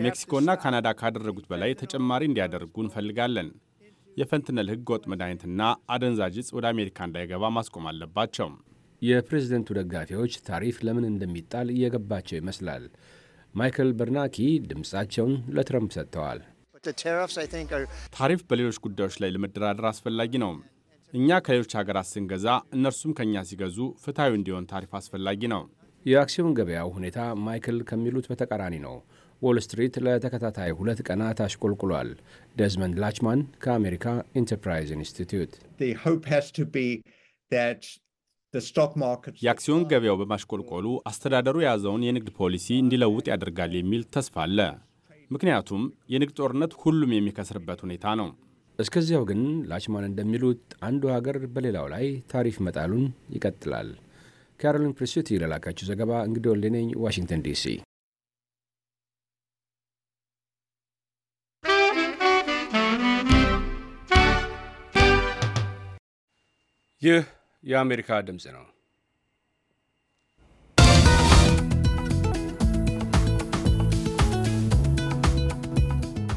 ሜክሲኮና ካናዳ ካደረጉት በላይ ተጨማሪ እንዲያደርጉ እንፈልጋለን። የፈንትነል ህገወጥ መድኃኒትና አደንዛዥ እጽ ወደ አሜሪካ እንዳይገባ ማስቆም አለባቸው። የፕሬዝደንቱ ደጋፊዎች ታሪፍ ለምን እንደሚጣል እየገባቸው ይመስላል። ማይክል በርናኪ ድምፃቸውን ለትረምፕ ሰጥተዋል። ታሪፍ በሌሎች ጉዳዮች ላይ ለመደራደር አስፈላጊ ነው። እኛ ከሌሎች ሀገራት ስንገዛ እነርሱም ከእኛ ሲገዙ ፍትሐዊ እንዲሆን ታሪፍ አስፈላጊ ነው። የአክሲዮን ገበያው ሁኔታ ማይክል ከሚሉት በተቃራኒ ነው። ዎል ስትሪት ለተከታታይ ሁለት ቀናት አሽቆልቁሏል። ደዝመንድ ላችማን ከአሜሪካ ኢንተርፕራይዝ ኢንስቲትዩት የአክሲዮን ገበያው በማሽቆልቆሉ አስተዳደሩ የያዘውን የንግድ ፖሊሲ እንዲለውጥ ያደርጋል የሚል ተስፋ አለ። ምክንያቱም የንግድ ጦርነት ሁሉም የሚከስርበት ሁኔታ ነው። እስከዚያው ግን ላችማን እንደሚሉት አንዱ ሀገር በሌላው ላይ ታሪፍ መጣሉን ይቀጥላል። ካሮሊን ፕሪስቲ ለላካችሁ ዘገባ እንግዲህ ወልደነኝ ዋሽንግተን ዲሲ። ይህ የአሜሪካ ድምፅ ነው።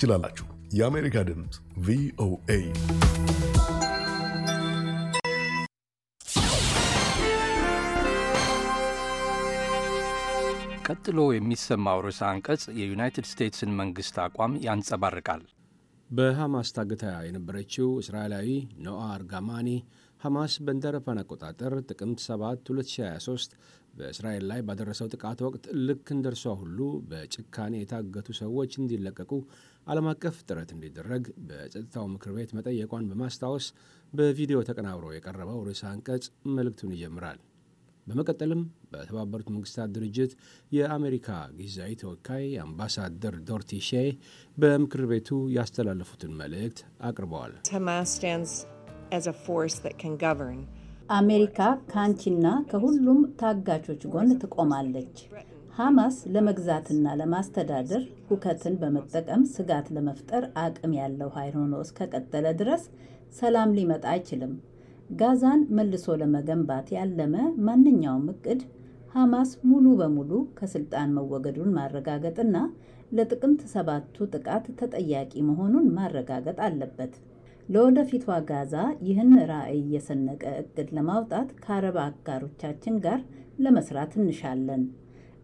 ትችላላችሁ። የአሜሪካ ድምፅ ቪኦኤ ቀጥሎ የሚሰማው ርዕሰ አንቀጽ የዩናይትድ ስቴትስን መንግሥት አቋም ያንጸባርቃል። በሐማስ ታግታ የነበረችው እስራኤላዊ ኖአ አርጋማኒ ሐማስ እንደ አውሮፓውያን አቆጣጠር ጥቅምት 7 2023 በእስራኤል ላይ ባደረሰው ጥቃት ወቅት ልክ እንደርሷ ሁሉ በጭካኔ የታገቱ ሰዎች እንዲለቀቁ ዓለም አቀፍ ጥረት እንዲደረግ በጸጥታው ምክር ቤት መጠየቋን በማስታወስ በቪዲዮ ተቀናብሮ የቀረበው ርዕሰ አንቀጽ መልእክቱን ይጀምራል። በመቀጠልም በተባበሩት መንግስታት ድርጅት የአሜሪካ ጊዜያዊ ተወካይ አምባሳደር ዶርቲ ሼ በምክር ቤቱ ያስተላለፉትን መልእክት አቅርበዋል። አሜሪካ ከአንቺና ከሁሉም ታጋቾች ጎን ትቆማለች። ሐማስ ለመግዛትና ለማስተዳደር ሁከትን በመጠቀም ስጋት ለመፍጠር አቅም ያለው ኃይል ሆኖ እስከቀጠለ ድረስ ሰላም ሊመጣ አይችልም። ጋዛን መልሶ ለመገንባት ያለመ ማንኛውም እቅድ ሐማስ ሙሉ በሙሉ ከስልጣን መወገዱን ማረጋገጥና ለጥቅምት ሰባቱ ጥቃት ተጠያቂ መሆኑን ማረጋገጥ አለበት። ለወደፊቷ ጋዛ ይህን ራዕይ የሰነቀ እቅድ ለማውጣት ከአረብ አጋሮቻችን ጋር ለመስራት እንሻለን።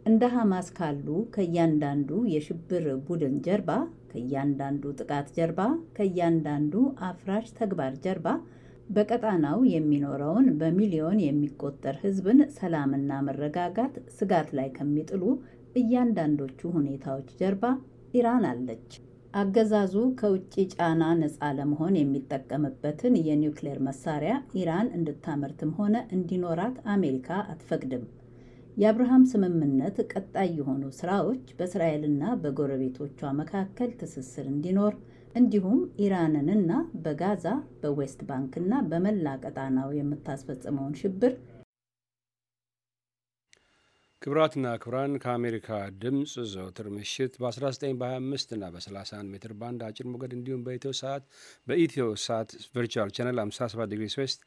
እንደ ሐማስ ካሉ ከእያንዳንዱ የሽብር ቡድን ጀርባ፣ ከእያንዳንዱ ጥቃት ጀርባ፣ ከእያንዳንዱ አፍራሽ ተግባር ጀርባ በቀጣናው የሚኖረውን በሚሊዮን የሚቆጠር ሕዝብን ሰላምና መረጋጋት ስጋት ላይ ከሚጥሉ እያንዳንዶቹ ሁኔታዎች ጀርባ ኢራን አለች። አገዛዙ ከውጭ ጫና ነፃ ለመሆን የሚጠቀምበትን የኒውክሌር መሳሪያ ኢራን እንድታመርትም ሆነ እንዲኖራት አሜሪካ አትፈቅድም። የአብርሃም ስምምነት ቀጣይ የሆኑ ስራዎች በእስራኤልና በጎረቤቶቿ መካከል ትስስር እንዲኖር እንዲሁም ኢራንንና በጋዛ በዌስት ባንክና በመላ ቀጣናው የምታስፈጽመውን ሽብር ክብራትና ክብራን ከአሜሪካ ድምፅ ዘውትር ምሽት በ19 በ25 እና በ31 ሜትር ባንድ አጭር ሞገድ እንዲሁም በኢትዮ ሰዓት በኢትዮ ሰዓት ቨርቹዋል ቻናል 57 ዲግሪ ስዌስት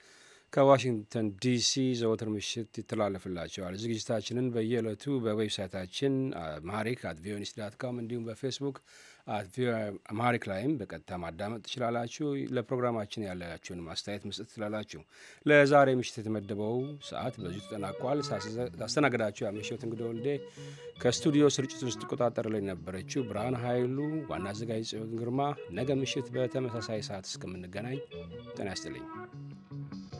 ከዋሽንግተን ዲሲ ዘወትር ምሽት ይተላለፍላቸዋል። ዝግጅታችንን በየዕለቱ በዌብሳይታችን ማሪክ አት ቪኦኤኒውስ ዳት ካም እንዲሁም በፌስቡክ አት ማሪክ ላይም በቀጥታ ማዳመጥ ትችላላችሁ። ለፕሮግራማችን ያላችሁን ማስተያየት መስጠት ትችላላችሁ። ለዛሬ ምሽት የተመደበው ሰዓት በዚሁ ተጠናቋል። ሳስተናግዳችሁ ያመሸሁት እንግዳ ወልዴ፣ ከስቱዲዮ ስርጭቱን ስትቆጣጠር ላይ ነበረችው ብርሃን ኃይሉ፣ ዋና አዘጋጅ ጽዮን ግርማ። ነገ ምሽት በተመሳሳይ ሰዓት እስከምንገናኝ ጤና ይስጥልኝ።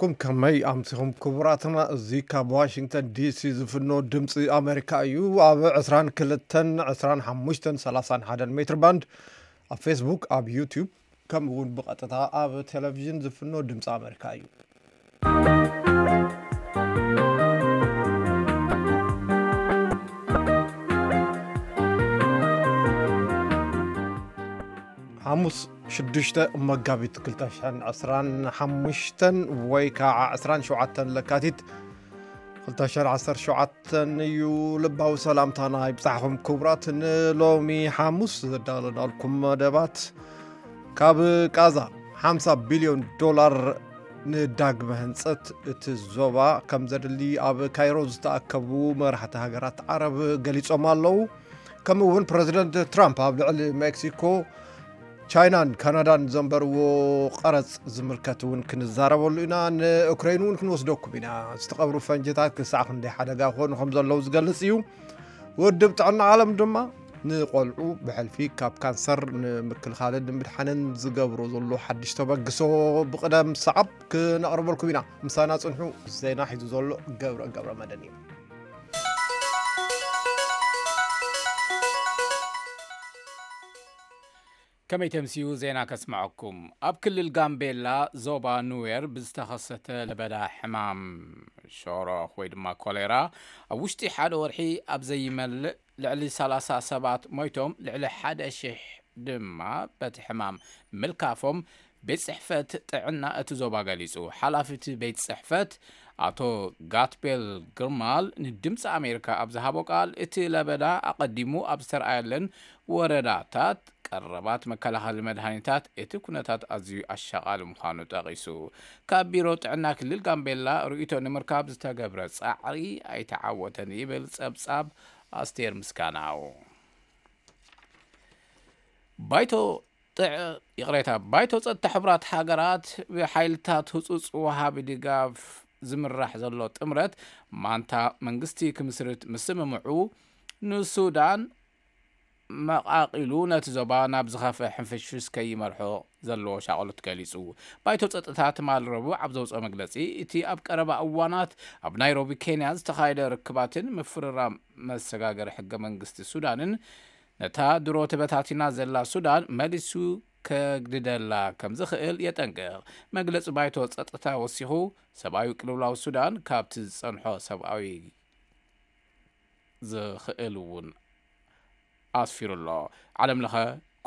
ዝነበርኩም ከመይ ኣምሲኹም ክቡራትና እዚ ካብ ዋሽንግተን ዲሲ ዝፍኖ ድምፂ ኣሜሪካ እዩ ኣብ 222531 ሜትር ባንድ ኣብ ፌስቡክ ኣብ ዩቲብ ከምኡ እውን ብቐጥታ ኣብ ቴሌቭዥን ዝፍኖ ድምፂ ኣሜሪካ እዩ ሓሙስ ሽዱሽተ መጋቢት 215 ወይ ከዓ 27 ለካቲት 217 እዩ ልባዊ ሰላምታና ይብፃሕኹም ክቡራት ንሎሚ ሓሙስ ዘዳለናልኩም መደባት ካብ ቃዛ 50 ቢልዮን ዶላር ንዳግመ ህንፀት እቲ ዞባ ከም ዘድሊ ኣብ ካይሮ ዝተኣከቡ መራሕቲ ሃገራት ዓረብ ገሊፆም ኣለዉ ከምኡ እውን ፕረዚደንት ትራምፕ ኣብ ልዕሊ ሜክሲኮ ቻይናን ካናዳን ዘንበርዎ ቀረፅ ዝምልከት እውን ክንዛረበሉ ኢና ንኡክራይን እውን ክንወስደኩም ኢና ዝተቐብሩ ፈንጂታት ክሳዕ ክንደይ ሓደጋ ክኾኑ ከም ዘለዉ ዝገልጽ እዩ ውድብ ጥዕና ዓለም ድማ ንቆልዑ ብሕልፊ ካብ ካንሰር ንምክልኻልን ንምድሓንን ዝገብሮ ዘሎ ሓድሽ ተበግሶ ብቕደም ሰዓብ ክነቕርበልኩም ኢና ምሳና ፅንሑ ዜና ሒዙ ዘሎ ገብረ ገብረ መደን እዩ كما يتمسيو زينا كسمعكم أب كل الغامبيلا زوبا نوير بزتخصت لبدا حمام شورا خوي دما كوليرا وشتي حال ورحي أب زي مل لعلي سلاسة سبات مويتوم لعلي حد أشيح دما بات حمام ملكافهم بيت صحفت تعنا اتو زوبا ገሊፁ حلافت بيت صحفت ኣቶ ጋትቤል ግርማል ንድምፂ ኣሜሪካ ኣብ ዝሃቦ ቃል እቲ ለበዳ ኣቐዲሙ ኣብ ዝተረኣየለን ወረዳታት ቀረባት መከላኸሊ መድሃኒታት እቲ ኩነታት ኣዝዩ ኣሸቓሊ ምዃኑ ጠቒሱ ካብ ቢሮ ጥዕና ክልል ጋምቤላ ርእቶ ንምርካብ ዝተገብረ ጻዕሪ ኣይተዓወተን ይብል ጸብጻብ ኣስቴር ምስጋናው ባይቶ ይቕሬታ ባይቶ ፀጥታ ሕቡራት ሃገራት ብሓይልታት ህፁፅ ወሃቢ ድጋፍ ዝምራሕ ዘሎ ጥምረት ማንታ መንግስቲ ክምስርት ምስምምዑ ንሱዳን መቓቒሉ ነቲ ዞባ ናብ ዝኸፈ ሕንፍሽፍስ ከይመርሖ ዘለዎ ሻቀሎት ገሊፁ ባይቶ ፀጥታ ትማልረቡ ኣብ ዘውፅኦ መግለፂ እቲ ኣብ ቀረባ እዋናት ኣብ ናይሮቢ ኬንያ ዝተካየደ ርክባትን ምፍርራ መሰጋገሪ ሕጊ መንግስቲ ሱዳንን ነታ ድሮ ትበታትኢና ዘላ ሱዳን መሊስዩ ከግድደላ ከም ዝኽእል የጠንቅቕ መግለፂ ባይቶ ፀጥታ ወሲኹ ሰብኣዊ ቅልውላዊ ሱዳን ካብቲ ዝፀንሖ ሰብኣዊ ዝኽእል እውን ኣስፊሩ ኣሎ ዓለም ለኸ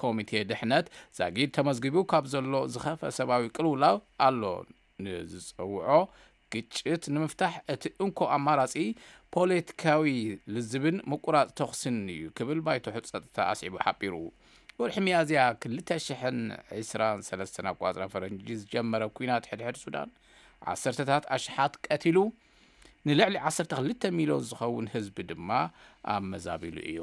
ኮሚቴ ድሕነት ዛጊድ ተመዝጊቡ ካብ ዘሎ ዝኸፈ ሰብኣዊ ቅልውላው ኣሎ ንዝፀውዖ ግጭት ንምፍታሕ እቲ እንኮ ኣማራፂ ፖለቲካዊ ልዝብን ምቁራፅ ተኽስን እዩ ክብል ባይቶ ሕፀጥታ ኣስዒቡ ሓቢሩ ወርሒ መያዝያ 220 ሰለስተና ቋፅራ ፈረንጂ ዝጀመረ ኩናት ሕድሕድ ሱዳን ዓሰርተታት ኣሽሓት ቀቲሉ ንልዕሊ 12 ሚልዮን ዝኸውን ህዝቢ ድማ ኣብ መዛቢሉ እዩ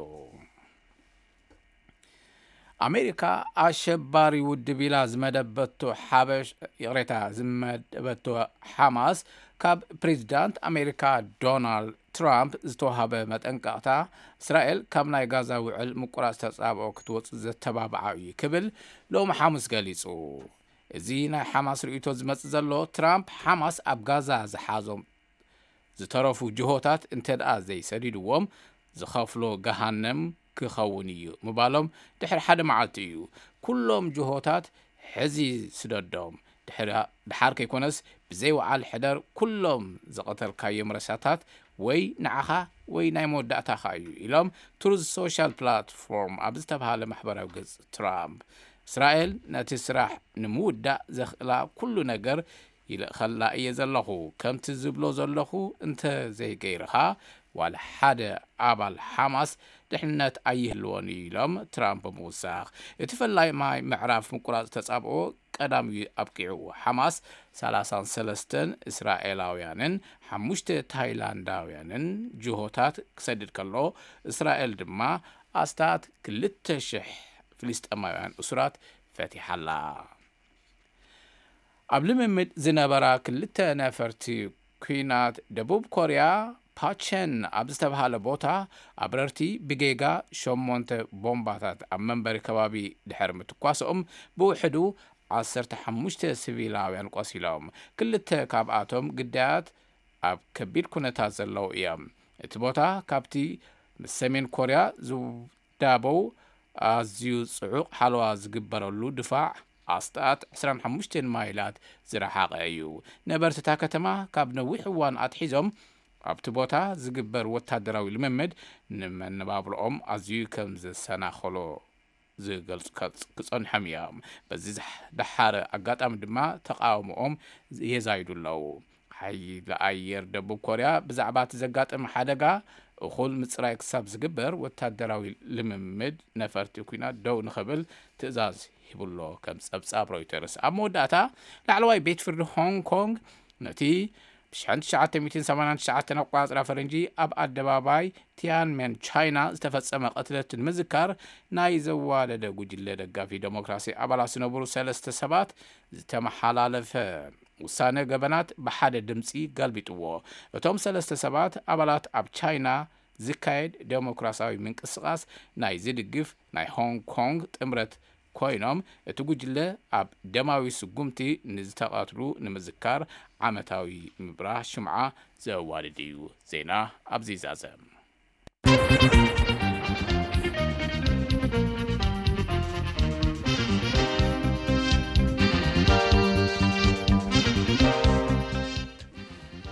ኣሜሪካ ኣሸባሪ ውድቢ ላ ዝመደበቶ ሓበሽ ይቅሬታ ዝመደበቶ ሓማስ ካብ ፕሬዚዳንት ኣሜሪካ ዶናልድ ትራምፕ ዝተዋሃበ መጠንቀቕታ እስራኤል ካብ ናይ ጋዛ ውዕል ምቁራፅ ዝተፃብኦ ክትወፁ ዘተባብዓ እዩ ክብል ሎሚ ሓሙስ ገሊፁ እዚ ናይ ሓማስ ርእቶ ዝመፅእ ዘሎ ትራምፕ ሓማስ ኣብ ጋዛ ዝሓዞም ዝተረፉ ጅሆታት እንተ ደኣ ዘይሰዲድዎም ዝኸፍሎ ግሃንም ክኸውን እዩ ምባሎም ድሕሪ ሓደ መዓልቲ እዩ ኩሎም ጅሆታት ሕዚ ስደዶም ድሓር ከይኮነስ ብዘይወዓል ሕደር ኩሎም ዝቐተልካዮም ረሳታት ወይ ንዓኻ ወይ ናይ መወዳእታኻ እዩ ኢሎም ቱሩዝ ሶሻል ፕላትፎርም ኣብ ዝተባሃለ ማሕበራዊ ገጽ ትራምፕ እስራኤል ነቲ ስራሕ ንምውዳእ ዘኽእላ ኩሉ ነገር ይልእኸላ እየ ዘለኹ ከምቲ ዝብሎ ዘለኹ እንተዘይገይርኻ ዋላ ሓደ ኣባል ሓማስ ድሕንነት ኣይህልዎን እዩ ኢሎም ትራምፕ ምውሳኽ እቲ ፈላይ ማይ ምዕራፍ ምቁራፅ ተጻብኦ ቀዳሚኡ ኣብቂዑ ሓማስ 33 እስራኤላውያንን ሓሙሽተ ታይላንዳውያንን ጅሆታት ክሰድድ ከሎ እስራኤል ድማ ኣስታት 2,000 ፍልስጠማውያን እሱራት ፈቲሓላ ኣብ ልምምድ ዝነበራ ክልተ ነፈርቲ ኩናት ደቡብ ኮርያ ፓቸን ዝተባሃለ ቦታ ኣብረርቲ ብጌጋ 8 ቦምባታት ኣብ መንበሪ ከባቢ ድሕር ምትኳሶኦም ብውሕዱ 15 ሲቪላውያን ቆሲሎም ክልተ ካብኣቶም ግዳያት ኣብ ከቢድ ኩነታት ዘለዉ እዮም እቲ ቦታ ካብቲ ምስ ሰሜን ኮርያ ዝዳበው ኣዝዩ ፅዑቕ ሓለዋ ዝግበረሉ ድፋዕ ኣስጣኣት 25 ማይላት ዝረሓቐ እዩ ነበርቲ እታ ከተማ ካብ ነዊሕ እዋን ኣትሒዞም ኣብቲ ቦታ ዝግበር ወታደራዊ ልምምድ ንመንባብሮኦም ኣዝዩ ከም ዘሰናኸሎ ዝገልፁ ክፀንሖም እዮም በዚ ደሓደ ኣጋጣሚ ድማ ተቃወምኦም የዛይዱኣለዉ ሓልኣየር ደቡብ ኮርያ ብዛዕባ እቲ ዘጋጥሚ ሓደጋ እኩል ምፅራይ ክሳብ ዝግበር ወታደራዊ ልምምድ ነፈርቲ ኩናት ደው ንክብል ትእዛዝ ሂብሎ ከም ፀብፃብ ሮይተርስ ኣብ መወዳእታ ላዕለዋይ ቤት ፍርዲ ሆንኮንግ ነቲ ብ1989 ኣቋፅራ ፈረንጂ ኣብ ኣደባባይ ቲያንሜን ቻይና ዝተፈፀመ ቅትለት ንምዝካር ናይ ዘዋለደ ጉጅለ ደጋፊ ዴሞክራሲ ኣባላት ዝነብሩ ሰለስተ ሰባት ዝተመሓላለፈ ውሳነ ገበናት ብሓደ ድምፂ ጋልቢጥዎ እቶም ሰለስተ ሰባት ኣባላት ኣብ ቻይና ዝካየድ ዴሞክራሲያዊ ምንቅስቓስ ናይ ዝድግፍ ናይ ሆንግ ኮንግ ጥምረት ኮይኖም እቲ ጉጅለ ኣብ ደማዊ ስጉምቲ ንዝተቐትሉ ንምዝካር ዓመታዊ ምብራህ ሽምዓ ዘዋልድ እዩ ዜና ኣብዚ ዛዘም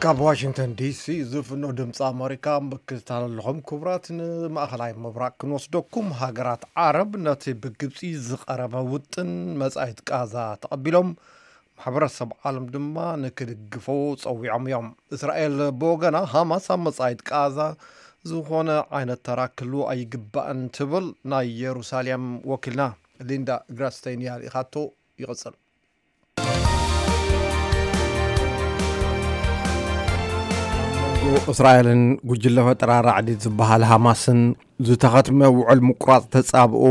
ካብ ዋሽንግተን ዲሲ ዝፍኖ ድምፂ ኣሜሪካ ምክዝታል ኣለኹም ክቡራት ንማእኸላይ ምብራቅ ክንወስደኩም ሃገራት ዓረብ ነቲ ብግብፂ ዝቐረበ ውጥን መጻኢት ቃዛ ተቐቢሎም ማሕበረሰብ ዓለም ድማ ንክድግፎ ፀዊዖም እዮም እስራኤል ብወገና ሃማስ ኣብ መጻኢት ቃዛ ዝኾነ ዓይነት ተራ ክህልዎ ኣይግባእን ትብል ናይ የሩሳሌም ወኪልና ሊንዳ ግራስተይን እያ ኢኻቶ ይቕፅል እእስራኤልን ጕጅለ ፈጠራርዕዲት ዝብሃል ሃማስን ዝተኸትመ ውዕል ምቁራጽ ተጻብኦ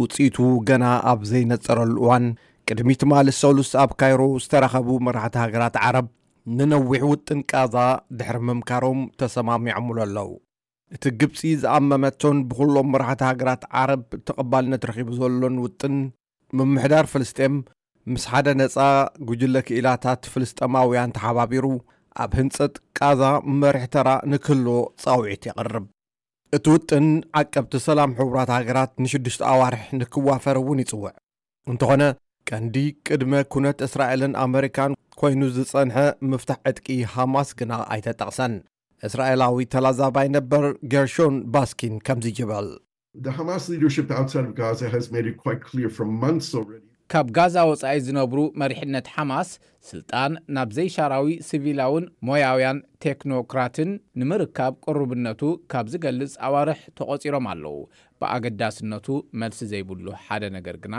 ውፅኢቱ ገና ኣብ ዘይነጸረሉ እዋን ቅድሚ ት ማል ሰሉስ ኣብ ካይሮ ዝተረኸቡ መራሕቲ ሃገራት ዓረብ ንነዊሕ ውጥን ቃዛ ድሕሪ ምምካሮም ተሰማሚዖምሉ ኣለዉ እቲ ግብጺ ዝኣመመቶን ብዅሎም መራሕቲ ሃገራት ዓረብ እተቕባልነት ረኺቡ ዘሎን ውጥን ምምሕዳር ፍልስጥም ምስ ሓደ ነጻ ጕጅለ ክኢላታት ፍልስጠማውያን ተሓባቢሩ ኣብ ህንጸት ጋዛ መሪሕተራ ንክህልዎ ጻውዒት የቕርብ እቲ ውጥን ዓቀብቲ ሰላም ሕቡራት ሃገራት ንሽሽ ኣዋርሕ ንክዋፈር እውን ይጽውዕ እንተ ዀነ ቀንዲ ቅድመ ኵነት እስራኤልን ኣመሪካን ኰይኑ ዝጸንሐ ምፍታሕ ዕድቂ ሃማስ ግና ኣይተጠቕሰን እስራኤላዊ ተላ ዛባይ ነበር ገርሾን ባስኪን ከምዚ ጅበል ማ ካብ ጋዛ ወፃኢ ዝነብሩ መሪሕነት ሓማስ ስልጣን ናብ ዘይሻራዊ ሲቪላውን ሞያውያን ቴክኖክራትን ንምርካብ ቅርብነቱ ካብ ዝገልጽ ኣዋርሕ ተቖጺሮም ኣለዉ ብኣገዳስነቱ መልሲ ዘይብሉ ሓደ ነገር ግና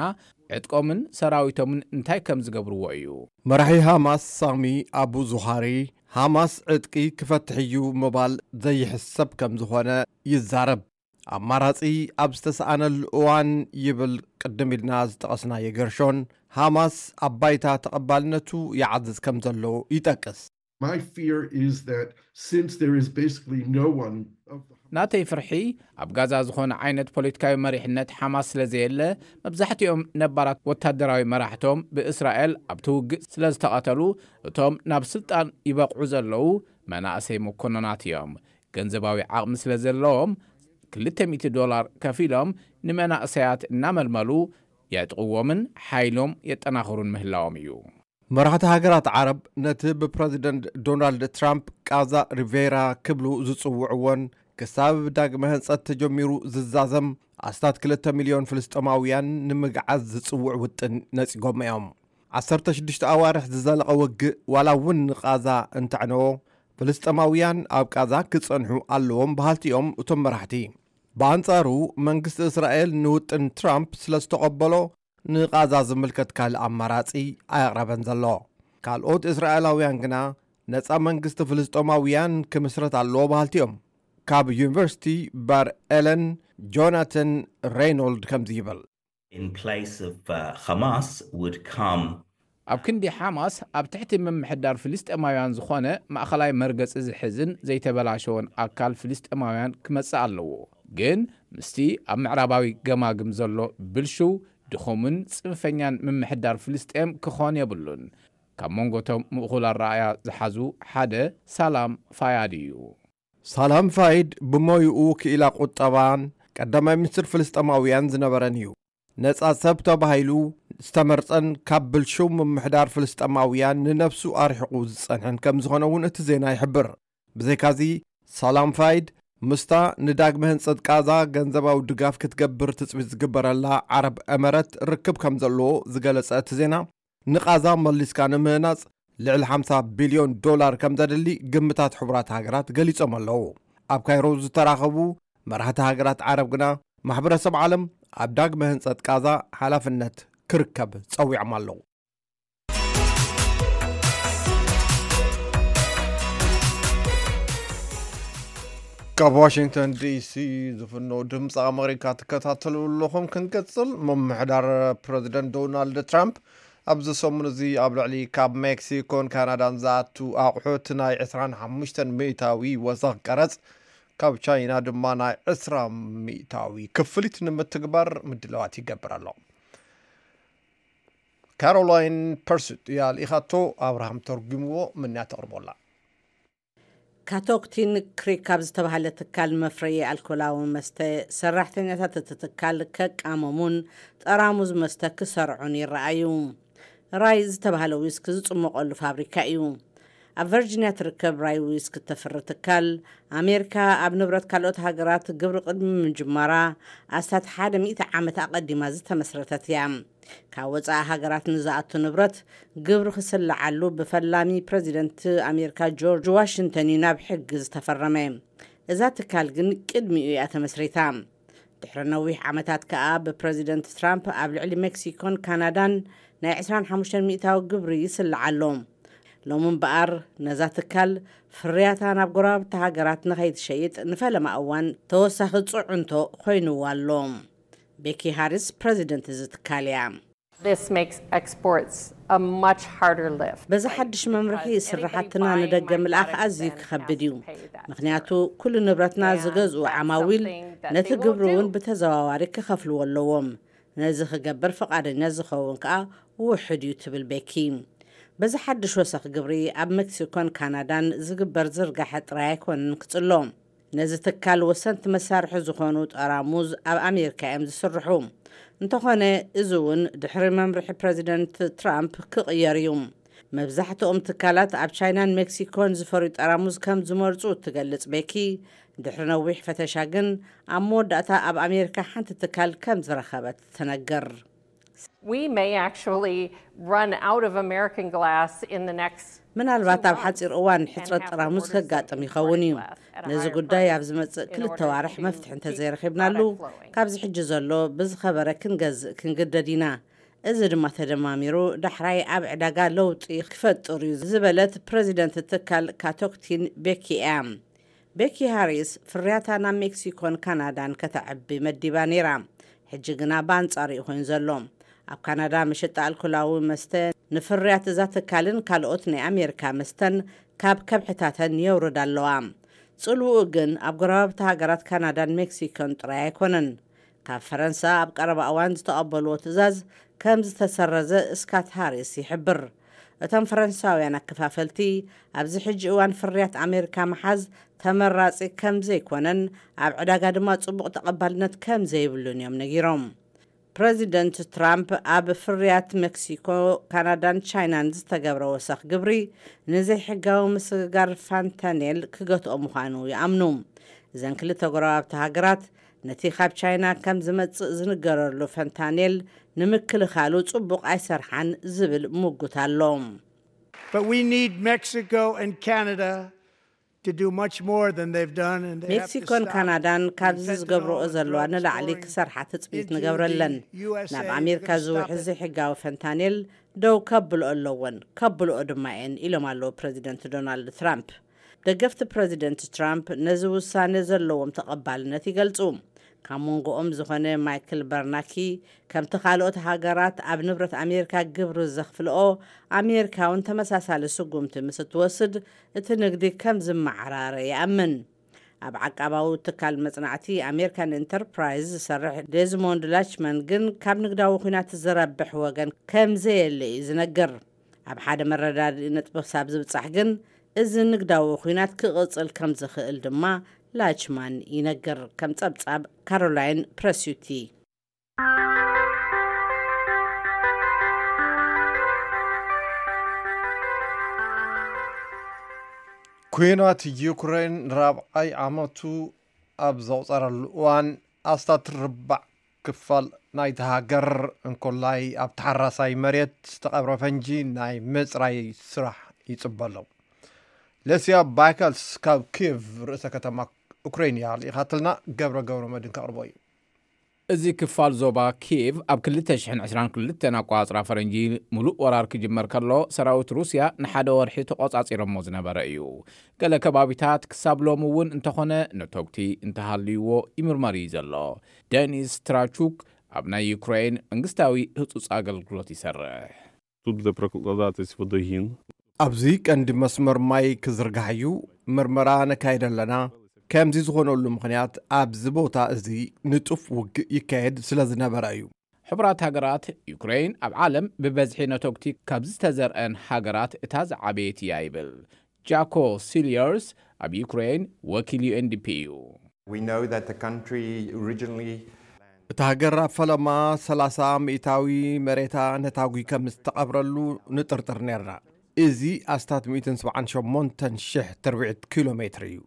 ዕጥቆምን ሰራዊቶምን እንታይ ከም ዝገብርዎ እዩ መራሒ ሃማስ ሳሚ ኣቡ ዙሃሪ ሃማስ ዕጥቂ ክፈትሕ እዩ ምባል ዘይሕሰብ ከም ዝኾነ ይዛረብ ኣብ ማራፂ ኣብ ዝተሰኣነሉ እዋን ይብል ቅድም ኢልና ዝጠቐስናየ ገርሾን ሃማስ ኣ ባይታ ተቐባልነቱ ይዓዝዝ ከም ዘሎዉ ይጠቅስናተይ ፍርሒ ኣብ ጋዛ ዝኮነ ዓይነት ፖለቲካዊ መሪሕነት ሓማስ ስለዘየለ መብዛሕትኦም ነባራት ወታደራዊ መራሕቶም ብእስራኤል ኣብቲውግእ ስለዝተቐተሉ እቶም ናብ ስልጣን ይበቕዑ ዘለው መናእሰይ መኮኖናት እዮም ገንዘባዊ ዓቕሚ ስለዘለዎም 2000ዶላር ከፍ ኢሎም ንመናእሰያት እናመልመሉ የዕጥቕዎምን ሓይሎም የጠናኽሩን ምህላዎም እዩ መራህቲ ሃገራት ዓረብ ነቲ ብፕረዚደንት ዶናልድ ትራምፕ ቃዛ ሪቬራ ክብሉ ዝጽውዕዎን ክሳብ ዳግሚ ህንጸት ተጀሚሩ ዝዛዘም ኣስታት 2 0ልዮን ፍልስጥማውያን ንምግዓዝ ዝጽውዕ ውጥን ነጺጎመኦም 16ሽ ኣዋርሕ ዝዘለቐ ውግእ ዋላ እውን ንቓዛ እንተዕንዎ ፍልስጠማውያን ኣብ ቃዛ ክጸንሑ ኣለዎም ባህልቲኦም እቶም መራሕቲ ብኣንጻሩ መንግስቲ እስራኤል ንውጥን ትራምፕ ስለ ዝተቐበሎ ንቓዛ ዝምልከት ካልእ ኣማራጺ ኣያቕረበን ዘሎ ካልኦት እስራኤላውያን ግና ነፃ መንግስቲ ፍልስጦማውያን ክምስረት ኣለዎ ባህልቲኦም ካብ ዩኒቨርሲቲ ባር ኤለን ጆናታን ሬይኖልድ ከምዚ ይብል ኣብ ክንዲ ሓማስ ኣብ ትሕቲ ምምሕዳር ፍልስጠማውያን ዝኾነ ማእኸላይ መርገፂ ዝሕዝን ዘይተበላሸዎን ኣካል ፍልስጠማውያን ክመጽእ ኣለዎ ግን ምስቲ ኣብ መዕራባዊ ገማግም ዘሎ ብልሹው ድኹምን ጽንፈኛን ምምሕዳር ፍልስጤም ክኾን የብሉን ካብ መንጎ ቶም ምእኹላ ረኣያ ዝሓዙ ሓደ ሳላም ፋያዲ እዩ ሳላም ፋይድ ብሞይኡ ክኢላ ቁጠባን ቀዳማይ ምኒስትር ፍልስጠማውያን ዝነበረን እዩ ነፃ ሰብ ተባሂሉ ዝተመርፀን ካብ ብልሹም ምምሕዳር ፍልስጠማውያን ንነፍሱ ኣርሒቑ ዝጸንሐን ከም ዝኾነ እውን እቲ ዜና ይሕብር ብዘይካዚ ሰላም ፋይድ ምስታ ንዳግመ ህንፀት ቃዛ ገንዘባዊ ድጋፍ ክትገብር ትፅቢት ዝግበረላ ዓረብ ኣመረት ርክብ ከም ዘለዎ ዝገለጸ እቲ ዜና ንቓዛ መሊስካ ንምህናፅ ልዕሊ 50 ቢልዮን ዶላር ከም ዘድሊ ግምታት ሕቡራት ሃገራት ገሊፆም ኣለዉ ኣብ ካይሮ ዝተራኸቡ መራሕቲ ሃገራት ዓረብ ግና ማሕበረሰብ ዓለም ኣብ ዳግመ ህንፀት ቃዛ ሓላፍነት ክርከብ ፀዊዖም ኣለዉ ካብ ዋሽንግተን ዲሲ ዝፍኖ ድምፂ ኣሜሪካ ትከታተሉ ኣለኹም ክንቅፅል ምምሕዳር ፕረዚደንት ዶናልድ ትራምፕ ኣብዚ ሰሙን እዚ ኣብ ልዕሊ ካብ ሜክሲኮን ካናዳን ዝኣቱ ኣቑሑት ናይ 25 ሚእታዊ ወሳኺ ቀረፅ ካብ ቻይና ድማ ናይ 2ስራ ሚእታዊ ክፍሊት ንምትግባር ምድለዋት ይገብር ኣሎ ካሮላይን ፐርሱት እያ ልኢኻቶ ኣብርሃም ተርጉምዎ ምንያ ተቕርበላ ካቶክቲን ክሪክ ካብ ዝተባሃለ ትካል መፍረዪ ኣልኮላዊ መስተ ሰራሕተኛታት እቲ ትካል ከቃመሙን ጠራሙዝ መስተ ክሰርዑን ይረኣዩ ራይ ዝተባሃለ ዊስኪ ዝፅመቐሉ ፋብሪካ እዩ ኣብ ቨርጂንያ ትርከብ ራይዊስ ክተፍሪ ትካል ኣሜሪካ ኣብ ንብረት ካልኦት ሃገራት ግብሪ ቅድሚ ምጅመራ ኣስታት ሓደ 100 ዓመት ኣቐዲማ ዝተመስረተት እያ ካብ ወፃኢ ሃገራት ንዝኣቱ ንብረት ግብሪ ክስልዓሉ ብፈላሚ ፕረዚደንት ኣሜሪካ ጆርጅ ዋሽንተን እዩ ናብ ሕጊ ዝተፈረመ እዛ ትካል ግን ቅድሚኡ እያ ተመስሪታ ድሕሪ ነዊሕ ዓመታት ከዓ ብፕረዚደንት ትራምፕ ኣብ ልዕሊ ሜክሲኮን ካናዳን ናይ 25 ሚእታዊ ግብሪ ይስልዓሎም ሎሚ እምበኣር ነዛ ትካል ፍርያታ ናብ ጎራብቲ ሃገራት ንኸይትሸይጥ ንፈለማ እዋን ተወሳኺ ፅዑንቶ ኮይኑዋ ኣሎ ቤኪ ሃሪስ ፕረዚደንት እዚ ትካል እያ በዚ ሓድሽ መምርሒ ስራሕትና ንደገ ምልኣኽ ኣዝዩ ክኸብድ እዩ ምክንያቱ ኩሉ ንብረትና ዝገዝኡ ዓማዊል ነቲ ግብሪ እውን ብተዘዋዋሪ ክኸፍልዎ ኣለዎም ነዚ ክገብር ፈቓደኛ ዝኸውን ከዓ ውሕድ እዩ ትብል ቤኪ بزا حدش وسخ قبري أب مكسيكون كندان زغبر زرقاح ترايه كونن كتلوم نزي تكال وسنت مسارح زخونو تقراموز أب أميركا أمز سرحوم انتخونه ازون دحر ممرح بريزيدنت ترامب كغياريوم مبزحت أم تكالات أب شاينان مكسيكون زفريت أراموز كم زمرزو تقلت بيكي دحر نوح فتشاقن أمود أتا أب أميركا حانت تكال كم زرخبت ምናልባት ኣብ ሓፂር እዋን ሕፅረት ጠራሙዝ ከጋጥም ይኸውን እዩ ነዚ ጉዳይ ኣብ ዝመፅእ ክልተ ዋርሕ መፍትሒ እንተዘይረኺብናሉ ካብዚ ሕጂ ዘሎ ብዝኸበረ ክንገዝእ ክንግደድ ኢና እዚ ድማ ተደማሚሩ ዳሕራይ ኣብ ዕዳጋ ለውጢ ክፈጥር እዩ ዝበለት ፕረዚደንት ትካል ካቶክቲን ቤኪ እያ ቤኪ ሃሪስ ፍርያታ ናብ ሜክሲኮን ካናዳን ከተዕቢ መዲባ ነይራ ሕጂ ግና ብኣንጻር ኮይኑ ዘሎ ኣብ ካናዳ ምሽጣ ኣልኮላዊ መስተ ንፍርያት እዛ ትካልን ካልኦት ናይ ኣሜሪካ መስተን ካብ ከብሕታተን የውርድ ኣለዋ ፅልውኡ ግን ኣብ ጎረባብቲ ሃገራት ካናዳን ሜክሲኮን ጥራይ ኣይኮነን ካብ ፈረንሳ ኣብ ቀረባ እዋን ዝተቐበልዎ ትእዛዝ ከም ዝተሰረዘ እስካት ሃሪስ ይሕብር እቶም ፈረንሳውያን ኣከፋፈልቲ ኣብዚ ሕጂ እዋን ፍርያት ኣሜሪካ መሓዝ ተመራፂ ከም ዘይኮነን ኣብ ዕዳጋ ድማ ፅቡቅ ተቐባልነት ከም ዘይብሉን እዮም ነጊሮም ፕረዚደንት ትራምፕ ኣብ ፍርያት ሜክሲኮ ካናዳን ቻይናን ዝተገብረ ወሰኽ ግብሪ ንዘይሕጋዊ ምስግጋር ፋንታኔል ክገትኦ ምዃኑ ይኣምኑ እዘን ክልተ ጎረባብቲ ሃገራት ነቲ ካብ ቻይና ከም ዝመፅእ ዝንገረሉ ፈንታኔል ንምክልኻሉ ጽቡቕ ኣይሰርሓን ዝብል ምጉት ኣሎ ሜክሲኮን ካናዳን ካብዚ ዝገብርኦ ዘለዋ ንላዕሊ ክሰርሓ ትፅቢት ንገብረለን ናብ ኣሜሪካ ዝውሕዚ ሕጋዊ ፈንታኔል ደው ከብልኦ ኣለዎን ከብልኦ ድማ እየን ኢሎም ኣለዉ ፕረዚደንት ዶናልድ ትራምፕ ደገፍቲ ፕረዚደንት ትራምፕ ነዚ ውሳነ ዘለዎም ተቐባልነት ይገልፁ ካብ መንጎኦም ዝኾነ ማይክል በርናኪ ከምቲ ካልኦት ሃገራት ኣብ ንብረት ኣሜሪካ ግብሪ ዘኽፍልኦ ኣሜሪካውን ተመሳሳሊ ስጉምቲ ምስ እትወስድ እቲ ንግዲ ከም ዝመዓራረ ይኣምን ኣብ ዓቃባዊ ትካል መፅናዕቲ ኣሜሪካን ኢንተርፕራይዝ ዝሰርሕ ደዝሞንድ ላችመን ግን ካብ ንግዳዊ ኩናት ዝረብሕ ወገን ከምዘየለ እዩ ዝነግር ኣብ ሓደ መረዳድኢ ነጥቢ ክሳብ ዝብፃሕ ግን እዚ ንግዳዊ ኩናት ክቕፅል ከም ዝኽእል ድማ ላችማን ይነግር ከም ጸብጻብ ካሮላይን ፕረስዩቲ ኩናት ዩክሬን ንራብዓይ ዓመቱ ኣብ ዘቑፀረሉ እዋን ኣስታት ርባዕ ክፋል ናይቲ ሃገር እንኮላይ ኣብ ተሓራሳይ መሬት ዝተቐብረ ፈንጂ ናይ ምፅራይ ስራሕ ይፅበሎ ለስያ ባይካልስ ካብ ኪየቭ ርእሰ ከተማ ኡክራይን እያ ካልኢኻትልና ገብረ ገብረ መድን ከቕርቦ እዩ እዚ ክፋል ዞባ ኬቭ ኣብ 222 ኣቋፅራ ፈረንጂ ሙሉእ ወራር ክጅመር ከሎ ሰራዊት ሩስያ ንሓደ ወርሒ ተቆጻፂሮሞ ዝነበረ እዩ ገለ ከባቢታት ክሳብ ሎሚ እውን እንተኾነ ነተግቲ እንተሃልይዎ ይምርመር እዩ ዘሎ ደኒስ ትራቹክ ኣብ ናይ ዩክራይን መንግስታዊ ህፁፅ ኣገልግሎት ይሰርሕ ኣብዚ ቀንዲ መስመር ማይ ክዝርጋሕ እዩ ምርመራ ነካይድ ኣለና ከምዚ ዝኾነሉ ምኽንያት ኣብዚ ቦታ እዚ ንጡፍ ውግእ ይካየድ ስለ ዝነበረ እዩ ሕቡራት ሃገራት ዩክሬን ኣብ ዓለም ብበዝሒ ነተግቲ ካብ ዝተዘርአን ሃገራት እታ ዝዓበየት እያ ይብል ጃኮ ሲልየርስ ኣብ ዩክሬን ወኪል ዩኤንዲፒ እዩ እቲ ሃገር ኣብ ፈለማ 30 ሚእታዊ መሬታ ነታጉይ ከም ዝተቐብረሉ ንጥርጥር ነርና እዚ ኣስታት 178,000 ትርብዒት ኪሎ ሜትር እዩ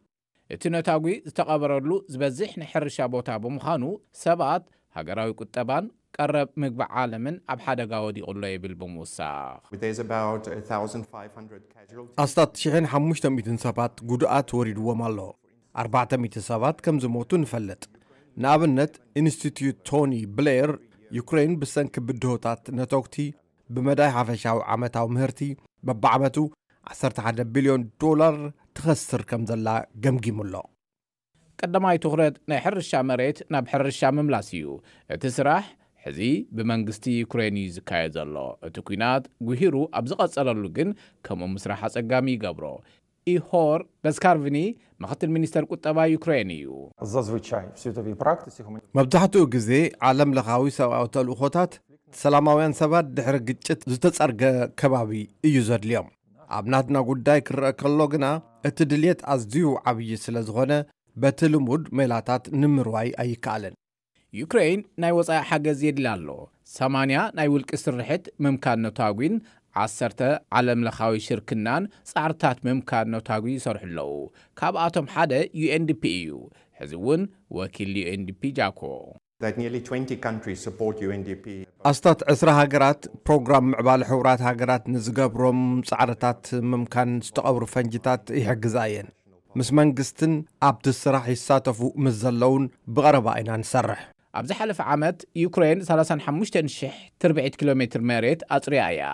እቲ ነታጒ ዝተቐበረሉ ዝበዝሕ ንሕርሻ ቦታ ብምዃኑ ሰባት ሃገራዊ ቁጠባን ቀረብ ምግቢ ዓለምን ኣብ ሓደጋ ወዲቑሎ የብል ብምውሳኽኣስታት 500 ሰባት ጉድኣት ወሪድዎም ኣሎ 400 ሰባት ከም ዝሞቱ ንፈልጥ ንኣብነት ኢንስቲቱት ቶኒ ብሌር ዩክሬይን ብሰንኪ ብድሆታት ነተኽቲ ብመዳይ ሓፈሻዊ ዓመታዊ ምህርቲ በብዓመቱ 11 ቢልዮን ዶላር ትኸስር ከም ዘላ ገምጊሙ ኣሎ ቀዳማይ ትኹረት ናይ ሕርሻ መሬት ናብ ሕርሻ ምምላስ እዩ እቲ ስራሕ ሕዚ ብመንግስቲ ዩክሬን እዩ ዝካየድ ዘሎ እቲ ኩናት ጉሂሩ ኣብ ዝቐጸለሉ ግን ከምኡ ምስራሕ ኣጸጋሚ ይገብሮ ኢሆር ደስካርቭኒ ምክትል ሚኒስተር ቁጠባ ዩክሬን እዩ መብዛሕትኡ ግዜ ዓለም ለኻዊ ሰብኣዊ ተልእኾታት ሰላማውያን ሰባት ድሕሪ ግጭት ዝተጸርገ ከባቢ እዩ ዘድልዮም ኣብ ናትና ጉዳይ ክርአ ከሎ ግና እቲ ድልት ኣዝዩ ዓብዪ ስለ ዝኾነ በቲ ልሙድ ሜላታት ንምርዋይ ኣይከኣለን ዩክሬይን ናይ ወፃኢ ሓገዝ የድላ ኣሎ 80 ናይ ውልቂ ስርሕት ምምካን ነታጒን 10 ዓለምለኻዊ ሽርክናን ጻዕርታት ምምካድ ነታጒ ይሰርሑ ኣለዉ ካብኣቶም ሓደ ዩኤንዲፒ እዩ ሕዚ እውን ወኪል ዩኤንዲፒ ጃኮ 2ኣስታት 2ስ ሃገራት ፕሮግራም ምዕባለ ሕቡራት ሃገራት ንዝገብሮም ጻዕርታት ምምካን ዝተቐብሩ ፈንጂታት ይሕግዛ እየን ምስ መንግስትን ኣብቲ ስራሕ ይሳተፉ ምስ ዘለውን ብቐረባ ኢና ንሰርሕ ኣብ ዝ ሓለፈ ዓመት ዩክሬይን 35,000 ትርዒ ኪሎ ሜ ሜሬት ኣጽርያ እያ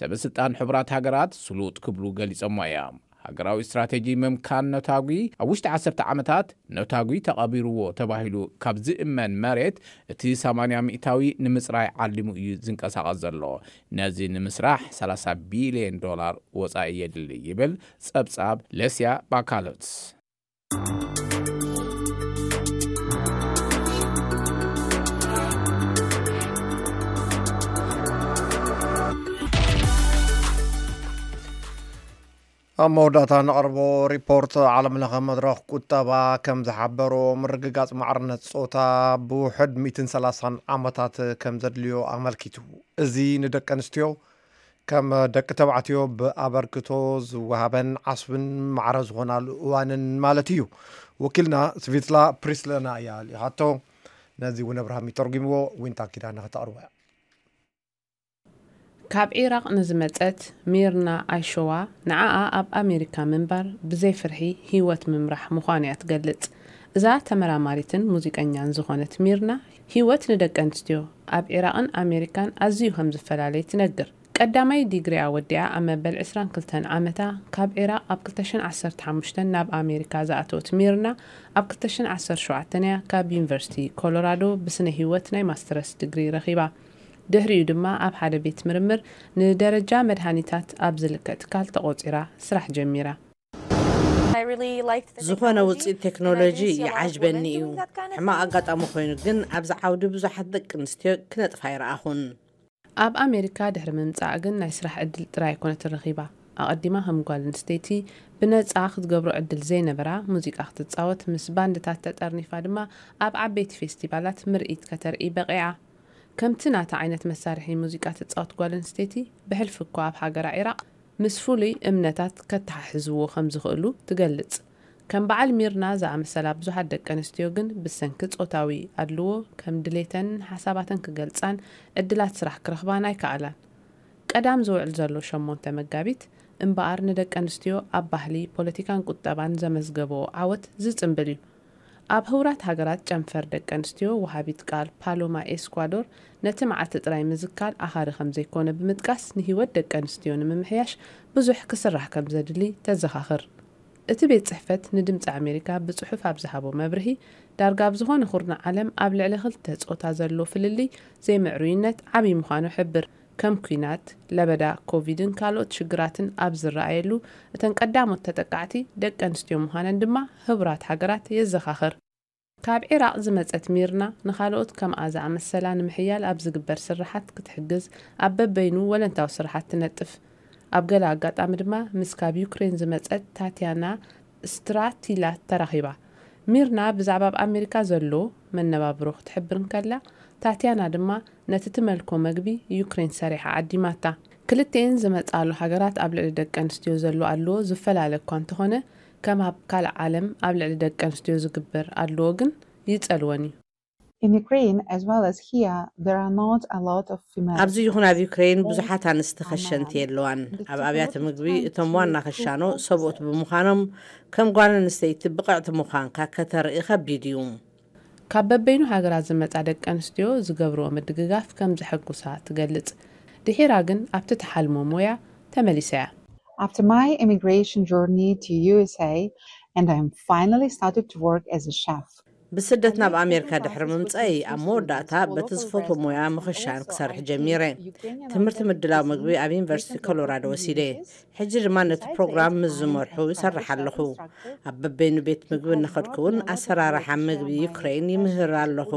ሰበ ስልጣን ሕቡራት ሃገራት ስሉጥ ክብሉ ገሊፆሞ እያ ሃገራዊ እስትራቴጂ ምምካን ነታጉ ኣብ ውሽጢ 1ሰተ ዓመታት ነታጉ ተቐቢርዎ ተባሂሉ ካብ ዝእመን መሬት እቲ 80 ሚእታዊ ንምፅራይ ዓሊሙ እዩ ዝንቀሳቐስ ዘሎ ነዚ ንምስራሕ 30 ቢልዮን ዶላር ወፃኢ የድሊ ይብል ጸብጻብ ለስያ ባካሎትስ أمودتان أربو ريبورت عالم لغمد روخ كتابا كمز حبرو مرقاقات معرنة صوتا بوحد ميتن سلاسان عمتات كمز دليو عمل كيتو إزي ندك أنستيو كم دك تبعتيو بأبر كتوز وهابن عصبن معرز غنا الوان مالتيو وكلنا سفيتلا بريسلنا يا لهاتو نازي ونبرها ميتورجيمو وينتا كيدا نغتا أروايا ካብ ኢራቅ ንዝመፀት ሚርና ኣሸዋ ንዓኣ ኣብ ኣሜሪካ ምንባር ብዘይ ፍርሒ ሂወት ምምራሕ ምዃኑ እያ ትገልጽ እዛ ተመራማሪትን ሙዚቀኛን ዝኾነት ሚርና ሂወት ንደቂ ኣንስትዮ ኣብ ኢራቅን ኣሜሪካን ኣዝዩ ከም ዝፈላለይ ትነግር ቀዳማይ ዲግሪ ወዲኣ ኣብ መበል 22 ዓመታ ካብ ኢራቅ ኣብ 215 ናብ ኣሜሪካ ዝኣተወት ሚርና ኣብ 217 እያ ካብ ዩኒቨርሲቲ ኮሎራዶ ብስነ ሂወት ናይ ማስተረስ ድግሪ ረኺባ ድሕሪኡ ድማ ኣብ ሓደ ቤት ምርምር ንደረጃ መድሃኒታት ኣብ ዝልከ ትካል ተቖፂራ ስራሕ ጀሚራ ዝኾነ ውፅኢት ቴክኖሎጂ ይዓጅበኒ እዩ ሕማቕ ኣጋጣሚ ኮይኑ ግን ኣብዚ ዓውዲ ብዙሓት ደቂ ኣንስትዮ ክነጥፋ ይረኣኹን ኣብ ኣሜሪካ ድሕሪ ምምፃእ ግን ናይ ስራሕ ዕድል ጥራይ ኮነት ረኺባ ኣቐዲማ ከም ጓል ኣንስተይቲ ብነፃ ክትገብሮ ዕድል ዘይነበራ ሙዚቃ ክትፃወት ምስ ባንድታት ተጠርኒፋ ድማ ኣብ ዓበይቲ ፌስቲቫላት ምርኢት ከተርኢ በቂዓ ከምቲ ናታ ዓይነት መሳርሒ ሙዚቃ ትፃወት ጓል ኣንስተይቲ ብሕልፊ እኳ ኣብ ሃገራ ኢራቅ ምስ ፍሉይ እምነታት ከተሓሕዝዎ ከም ዝኽእሉ ትገልጽ ከም በዓል ሚርና ዝኣመሰላ ብዙሓት ደቂ ኣንስትዮ ግን ብሰንኪ ፆታዊ ኣድልዎ ከም ድሌተን ሓሳባተን ክገልፃን ዕድላት ስራሕ ክረኽባን ኣይከኣላን ቀዳም ዝውዕል ዘሎ 8 መጋቢት እምበኣር ንደቂ ኣንስትዮ ኣብ ባህሊ ፖለቲካን ቁጠባን ዘመዝገቦ ዓወት ዝፅምብል እዩ ኣብ ህውራት ሃገራት ጨንፈር ደቂ ኣንስትዮ ወሃቢት ቃል ፓሎማ ኤስኳዶር ነቲ መዓልቲ ጥራይ ምዝካል ኣኻሪ ከም ዘይኮነ ብምጥቃስ ንሂወት ደቂ ኣንስትዮ ንምምሕያሽ ብዙሕ ክስራሕ ከም ዘድሊ ተዘኻኽር እቲ ቤት ፅሕፈት ንድምፂ ኣሜሪካ ብፅሑፍ ኣብ ዝሃቦ መብርሂ ዳርጋ ኣብ ዝኾነ ኩርና ዓለም ኣብ ልዕሊ ክልተ ፆታ ዘሎ ፍልሊ ዘይምዕሩይነት ዓብዪ ምዃኑ ሕብር ከም ኩናት ለበዳ ኮቪድን ካልኦት ሽግራትን ኣብ ዝረኣየሉ እተን ቀዳሞት ተጠቃዕቲ ደቂ ኣንስትዮ ምዃነን ድማ ህቡራት ሃገራት የዘኻኽር ካብ ዒራቅ ዝመፀት ሚርና ንካልኦት ከምኣ ዝኣመሰላ ንምሕያል ኣብ ዝግበር ስራሓት ክትሕግዝ ኣብ በበይኑ ወለንታዊ ስራሓት ትነጥፍ ኣብ ገለ ኣጋጣሚ ድማ ምስ ካብ ዩክሬን ዝመፀት ታትያና ስትራቲላ ተራኺባ ሚርና ብዛዕባ ኣብ ኣሜሪካ ዘሎ መነባብሮ ክትሕብርን ከላ ታትያና ድማ ነቲ እትመልኮ መግቢ ዩክሬን ሰሪሓ ዓዲማታ ክልተን ዝመፅሉ ሃገራት ኣብ ልዕሊ ደቂ ኣንስትዮ ዘሎ ኣለዎ ዝፈላለ እኳ እንተኾነ ከም ኣብ ካልእ ዓለም ኣብ ልዕሊ ደቂ ኣንስትዮ ዝግበር ኣለዎ ግን ይፀልወን እዩ ኣብዚ ይኹን ኣብ ዩክሬን ብዙሓት ኣንስቲ ኸሸንቲ የለዋን ኣብ ኣብያተ ምግቢ እቶም ዋና ኸሻኖ ሰብኦት ብምዃኖም ከም ጓል ኣንስተይቲ ብቕዕቲ ምዃንካ ከተርኢ ኸቢድ እዩ ካብ በበይኑ ሃገራት ዝመፃ ደቂ ኣንስትዮ ዝገብርዎ ምድግጋፍ ከም ዘሐጉሳ ትገልጽ ድሒራ ግን ኣብቲ ተሓልሞ ሞያ ተመሊሰ እያ ኣብቲ ማይ ኢሚግሬሽን ጆርኒ ቱ ዩስኤ ኣንድ ኣም ፋይናሊ ስታርትድ ወርክ ኣዝ ሸፍ ብስደትና ብኣሜሪካ ድሕሪ ምምፀይ ኣብ መወዳእታ በቲ ዝፈትዎ ሞያ ምኽሻን ክሰርሕ ጀሚረ ትምህርቲ ምድላው ምግቢ ኣብ ዩኒቨርሲቲ ኮሎራዶ ወሲደ ሕጂ ድማ ነቲ ፕሮግራም ምስ ዝመርሑ ይሰርሕ ኣለኹ ኣብ በበይኑ ቤት ምግቢ ንኸድክ እውን ኣሰራርሓ ምግቢ ዩክሬን ይምህር ኣለኹ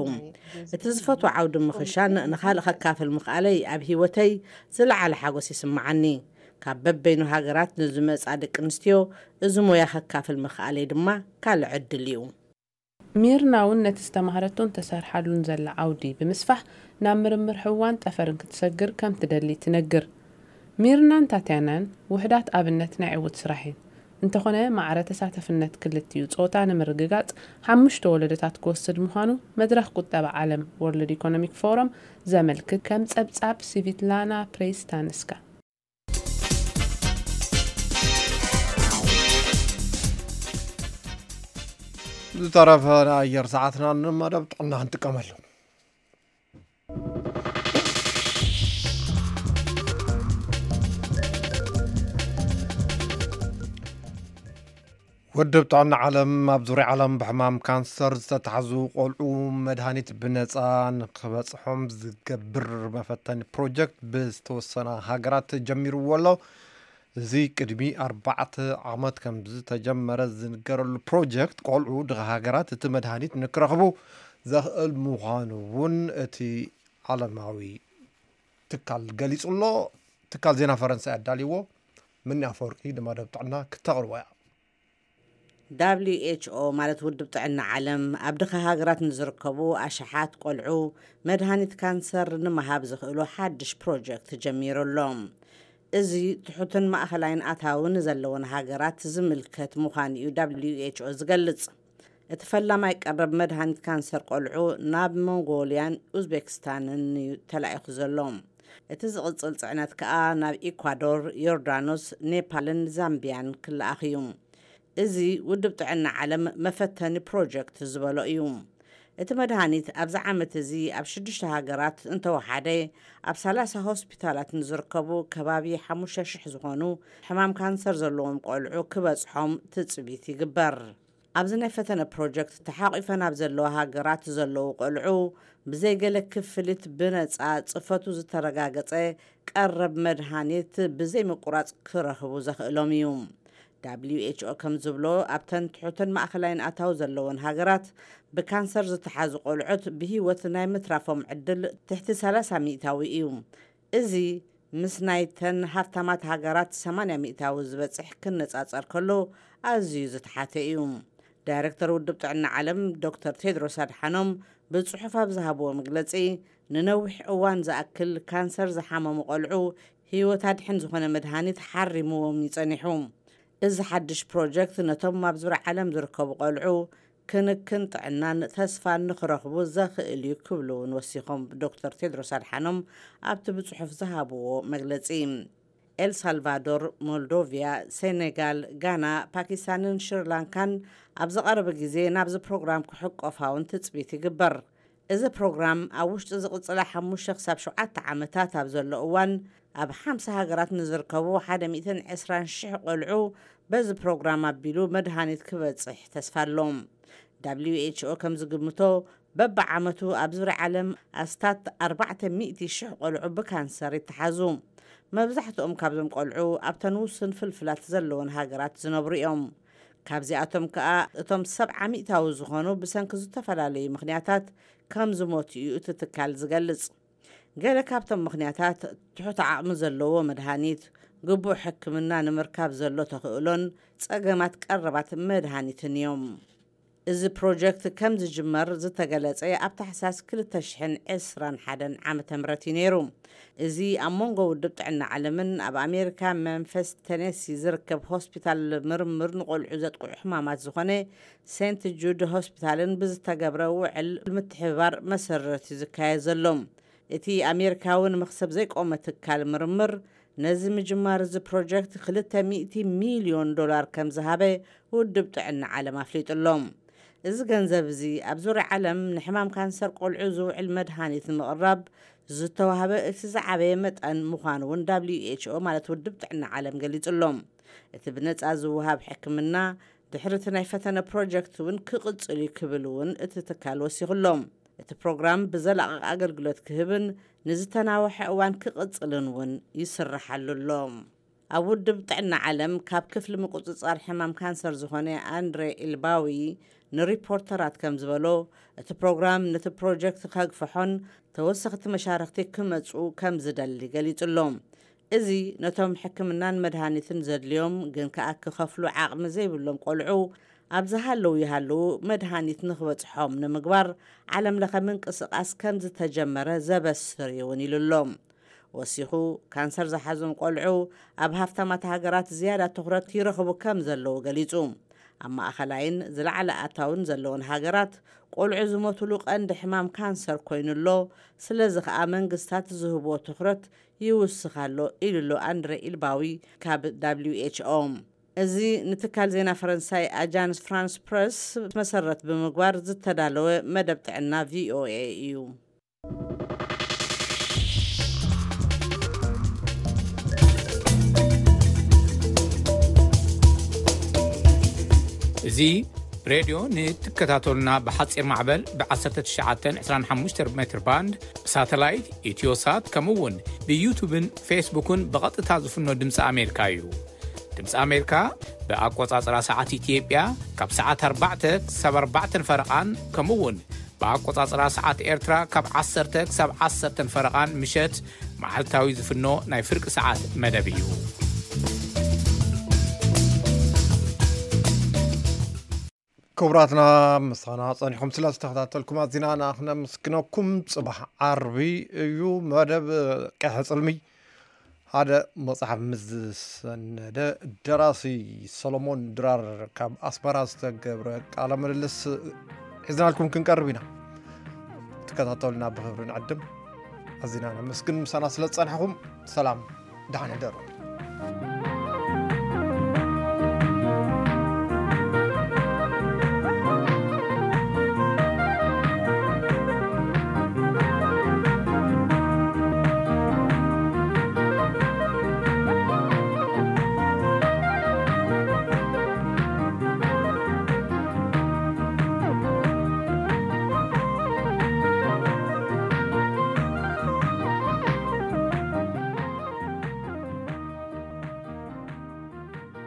እቲ ዝፈትዎ ዓውዲ ምኽሻን ንኻልእ ከካፍል ምኽኣለይ ኣብ ሂወተይ ዝለዓለ ሓጎስ ይስምዓኒ ካብ በበይኑ ሃገራት ንዝመፃ ደቂ ኣንስትዮ እዚ ሞያ ከካፍል ምኽኣለይ ድማ ካልእ ዕድል እዩ ሚርና እውን ነቲ ዝተማሃረቶን ተሰርሓሉን ዘላ ዓውዲ ብምስፋሕ ናብ ምርምር ሕዋን ጠፈርን ክትሰግር ከም ትደሊ ትነግር ሚርናን ታትያናን ውሕዳት ኣብነት ናይ ዕውት ስራሕ እዩ እንተኾነ ማዕረ ተሳተፍነት ክልትዩ ፆታ ንምርግጋፅ ሓሙሽተ ወለዶታት ክወስድ ምዃኑ መድረኽ ቁጠባ ዓለም ወርልድ ኢኮኖሚክ ፎረም ዘመልክት ከም ፀብጻብ ሲቪትላና ፕሬስታንስካ زترفنا أير ساعتنا نما دبت عنا أنت كمل ودبت عنا عالم مبزوري عالم بحمام كانسر زتتعزو قلعو مدهاني تبنسان خبص حمز كبر مفتاني بروجكت بس توسنا هاقرات جميل ولو እዚ ቅድሚ ኣርባዕተ ዓመት ከም ዝተጀመረ ዝንገረሉ ፕሮጀክት ቆልዑ ድኻ ሃገራት እቲ መድሃኒት ንክረኽቡ ዘኽእል ምዃኑ እውን እቲ ዓለማዊ ትካል ገሊጹ ኣሎ ትካል ዜና ፈረንሳይ ኣዳልይዎ ምን ኣፈወርቂ ንመደብ ጥዕና ክተቕርቦ እያ ዳብሊዩ ኤችኦ ማለት ውድብ ጥዕና ዓለም ኣብ ድኻ ሃገራት ንዝርከቡ ኣሽሓት ቆልዑ መድሃኒት ካንሰር ንምሃብ ዝኽእሉ ሓድሽ ፕሮጀክት ጀሚሩ ኣሎ እዚ ትሑትን ማእኸላይን ኣታውን ዘለዎን ሃገራት ዝምልከት ምዃን እዩ ደብልዩ ኤችኦ ዝገልጽ እቲ ፈላማይ ቀረብ መድሃኒት ካንሰር ቆልዑ ናብ መንጎልያን ኡዝቤክስታንን እዩ ተላኢኹ ዘሎ እቲ ዝቕፅል ፅዕነት ከዓ ናብ ኢኳዶር ዮርዳኖስ ኔፓልን ዛምቢያን ክለኣኽ እዩ እዚ ውድብ ጥዕና ዓለም መፈተኒ ፕሮጀክት ዝበሎ እዩ እቲ መድሃኒት ኣብዚ ዓመት እዚ ኣብ ሽዱሽተ ሃገራት እንተወሓደ ኣብ 30 ሆስፒታላት ንዝርከቡ ከባቢ 5,000 ዝኾኑ ሕማም ካንሰር ዘለዎም ቆልዑ ክበጽሖም ትፅቢት ይግበር ኣብዚ ናይ ፈተነ ፕሮጀክት ተሓቒፈናብ ዘለዋ ሃገራት ዘለዉ ቆልዑ ብዘይገለ ክፍልት ብነፃ ጽፈቱ ዝተረጋገፀ ቀረብ መድሃኒት ብዘይ ምቁራፅ ክረኽቡ ዘኽእሎም እዩ WHO ከም ዝብሎ ኣብተን ትሑትን ማእኸላይን ኣታዊ ዘለዎን ሃገራት ብካንሰር ዝተሓዙ ቆልዑት ብሂወት ናይ ምትራፎም ዕድል ትሕቲ 30 ሚእታዊ እዩ እዚ ምስ ናይተን ሃብታማት ሃገራት 80 ሚእታዊ ዝበፅሕ ክነጻጸር ከሎ ኣዝዩ ዝተሓተ እዩ ዳይረክተር ውድብ ጥዕና ዓለም ዶክተር ቴድሮስ ኣድሓኖም ብጽሑፍ ኣብ ዝሃብዎ መግለጺ ንነዊሕ እዋን ዝኣክል ካንሰር ዝሓመሙ ቈልዑ ህይወት ኣድሕን ዝኾነ መድሃኒት ሓሪምዎም ይጸኒሑ እዚ ሓድሽ ፕሮጀክት ነቶም ኣብ ዙርያ ዓለም ዝርከቡ ቆልዑ ክንክን ጥዕናን ተስፋን ንኽረኽቡ ዘኽእል እዩ ክብሉ እውን ወሲኾም ዶክተር ቴድሮስ ኣድሓኖም ኣብቲ ብጽሑፍ ዝሃብዎ መግለጺ ኤልሳልቫዶር ሞልዶቪያ ሴኔጋል ጋና ፓኪስታንን ሽሪላንካን ኣብ ዝቐረበ ግዜ ናብዚ ፕሮግራም ክሕቆፋውን ትፅቢት ይግበር እዚ ፕሮግራም ኣብ ውሽጢ ዝቕፅላ 5 ክሳብ 7 ዓመታት ኣብ ዘሎ እዋን ኣብ ሓምሳ ሃገራት ንዝርከቡ ሓደ ሚእትን ዕስራን ሽሕ ቆልዑ በዚ ፕሮግራም ኣቢሉ መድሃኒት ክበፅሕ ተስፋ ኣሎም ዳብልዩ ኤችኦ ከም ዝግምቶ በብዓመቱ ኣብ ዙርያ ዓለም ኣስታት 400,000 ቆልዑ ብካንሰር ይተሓዙ መብዛሕትኦም ካብዞም ቆልዑ ኣብተን ውስን ፍልፍላት ዘለወን ሃገራት ዝነብሩ እዮም ካብዚኣቶም ከዓ እቶም 70 ሚእታዊ ዝኾኑ ብሰንኪ ዝተፈላለዩ ምክንያታት ከም ዝሞት እዩ እቲ ትካል ዝገልጽ قال كابتن مخنياتات تحط عامل زلو مدهانيت قبو حكمنا نمركاب زلو تخيلون تساقمات قربات مدهانيت اليوم إذا بروجكت كم زجمر زي تقلت أي أبتا حساس كل تشحن إسران حدا عام تمرتي نيروم إذا أمونغو ودبت عنا علمن أب أمريكا منفس تنسي زركب هوسبيتال مرمر نقول عزت قو حمامات زخوني سنت جود هوسبيتالن بز تقبرو عل المتحبار مسرتي زكاية زلوم እቲ ኣሜሪካውን ምኽሰብ ዘይቆመ ትካል ምርምር ነዚ ምጅማር እዚ ፕሮጀክት 200 ሚልዮን ዶላር ከም ዝሃበ ውድብ ጥዕና ዓለም ኣፍሊጡ ኣሎም እዚ ገንዘብ እዚ ኣብ ዙርያ ዓለም ንሕማም ካንሰር ቆልዑ ዝውዕል መድሃኒት ንምቕራብ ዝተዋህበ እቲ ዝዓበየ መጠን ምዃኑ እውን ዳብሊዩ ኤችኦ ማለት ውድብ ጥዕና ዓለም ገሊጹ ኣሎም እቲ ብነፃ ዝውሃብ ሕክምና ድሕሪ እቲ ናይ ፈተነ ፕሮጀክት እውን ክቕፅል ይክብል እውን እቲ ትካል ወሲኹሎም እቲ ፕሮግራም ብዘለቐቕ ኣገልግሎት ክህብን ንዝተናውሐ እዋን ክቕጽልን እውን ይስርሓሉ ኣሎ ኣብ ውድብ ጥዕና ዓለም ካብ ክፍሊ ምቁፅጻር ሕማም ካንሰር ዝኾነ ኣንድሬ ኢልባዊ ንሪፖርተራት ከም ዝበሎ እቲ ፕሮግራም ነቲ ፕሮጀክት ከግፍሖን ተወሰኽቲ መሻርክቲ ክመፁ ከም ዝደሊ ገሊጹ ኣሎም እዚ ነቶም ሕክምናን መድሃኒትን ዘድልዮም ግን ከኣ ክኸፍሉ ዓቕሚ ዘይብሎም ቆልዑ ኣብ ዝሃለው ይሃለው መድሃኒት ንኽበፅሖም ንምግባር ዓለም ለኸ ምንቅስቓስ ከም ዝተጀመረ ዘበስር እውን ኢሉ ኣሎም ወሲኹ ካንሰር ዝሓዙን ቆልዑ ኣብ ሃፍታማት ሃገራት ዝያዳ ትኩረት ይረኽቡ ከም ዘለዉ ገሊጹ ኣብ ማእኸላይን ዝለዕለ ኣታውን ዘለዎን ሃገራት ቆልዑ ዝሞትሉ ቀንዲ ሕማም ካንሰር ኮይኑሎ ስለዚ ከዓ መንግስታት ዝህቦ ትኩረት ይውስኻሎ ኢሉሎ ኣንድሬ ኢልባዊ ካብ wችኦ እዚ ንትካል ዜና ፈረንሳይ ኣጃንስ ፍራንስ ፕረስ መሰረት ብምግባር ዝተዳለወ መደብ ጥዕና ቪኦኤ እዩ እዚ ሬድዮ ንትከታተሉና ብሓፂር ማዕበል ብ1925 ሜትር ባንድ ብሳተላይት ኢትዮሳት ውን ብዩቱብን ፌስቡክን ብቐጥታ ዝፍኖ ድምፂ ኣሜሪካ እዩ ድምፂ ኣሜሪካ ብኣቆፃፅራ ሰዓት ኢትዮጵያ ካብ ሰዓት 4 ክሳብ 4 ፈረቓን ከምኡ ውን ብኣቆፃፅራ ሰዓት ኤርትራ ካብ 1 ክሳብ 1 ፈረቓን ምሸት መዓልታዊ ዝፍኖ ናይ ፍርቂ ሰዓት መደብ እዩ ክቡራትና ምሳና ፀኒሖም ስለ ዝተኸታተልኩም ኣዚና ንኣክነ ምስግነኩም ፅባሕ ዓርቢ እዩ መደብ ቀሐ ፅልሚ ሓደ መፅሓፍ ምስ ዝሰነደ ደራሲ ሰሎሞን ድራር ካብ ኣስመራ ዝተገብረ ቃለ ምልልስ ሒዝናልኩም ክንቀርብ ኢና ትከታተሉና ብክብሪ ንዕድም ኣዚና ነመስግን ምሳና ስለ ዝፀንሐኹም ሰላም ዳሓነ ደሩ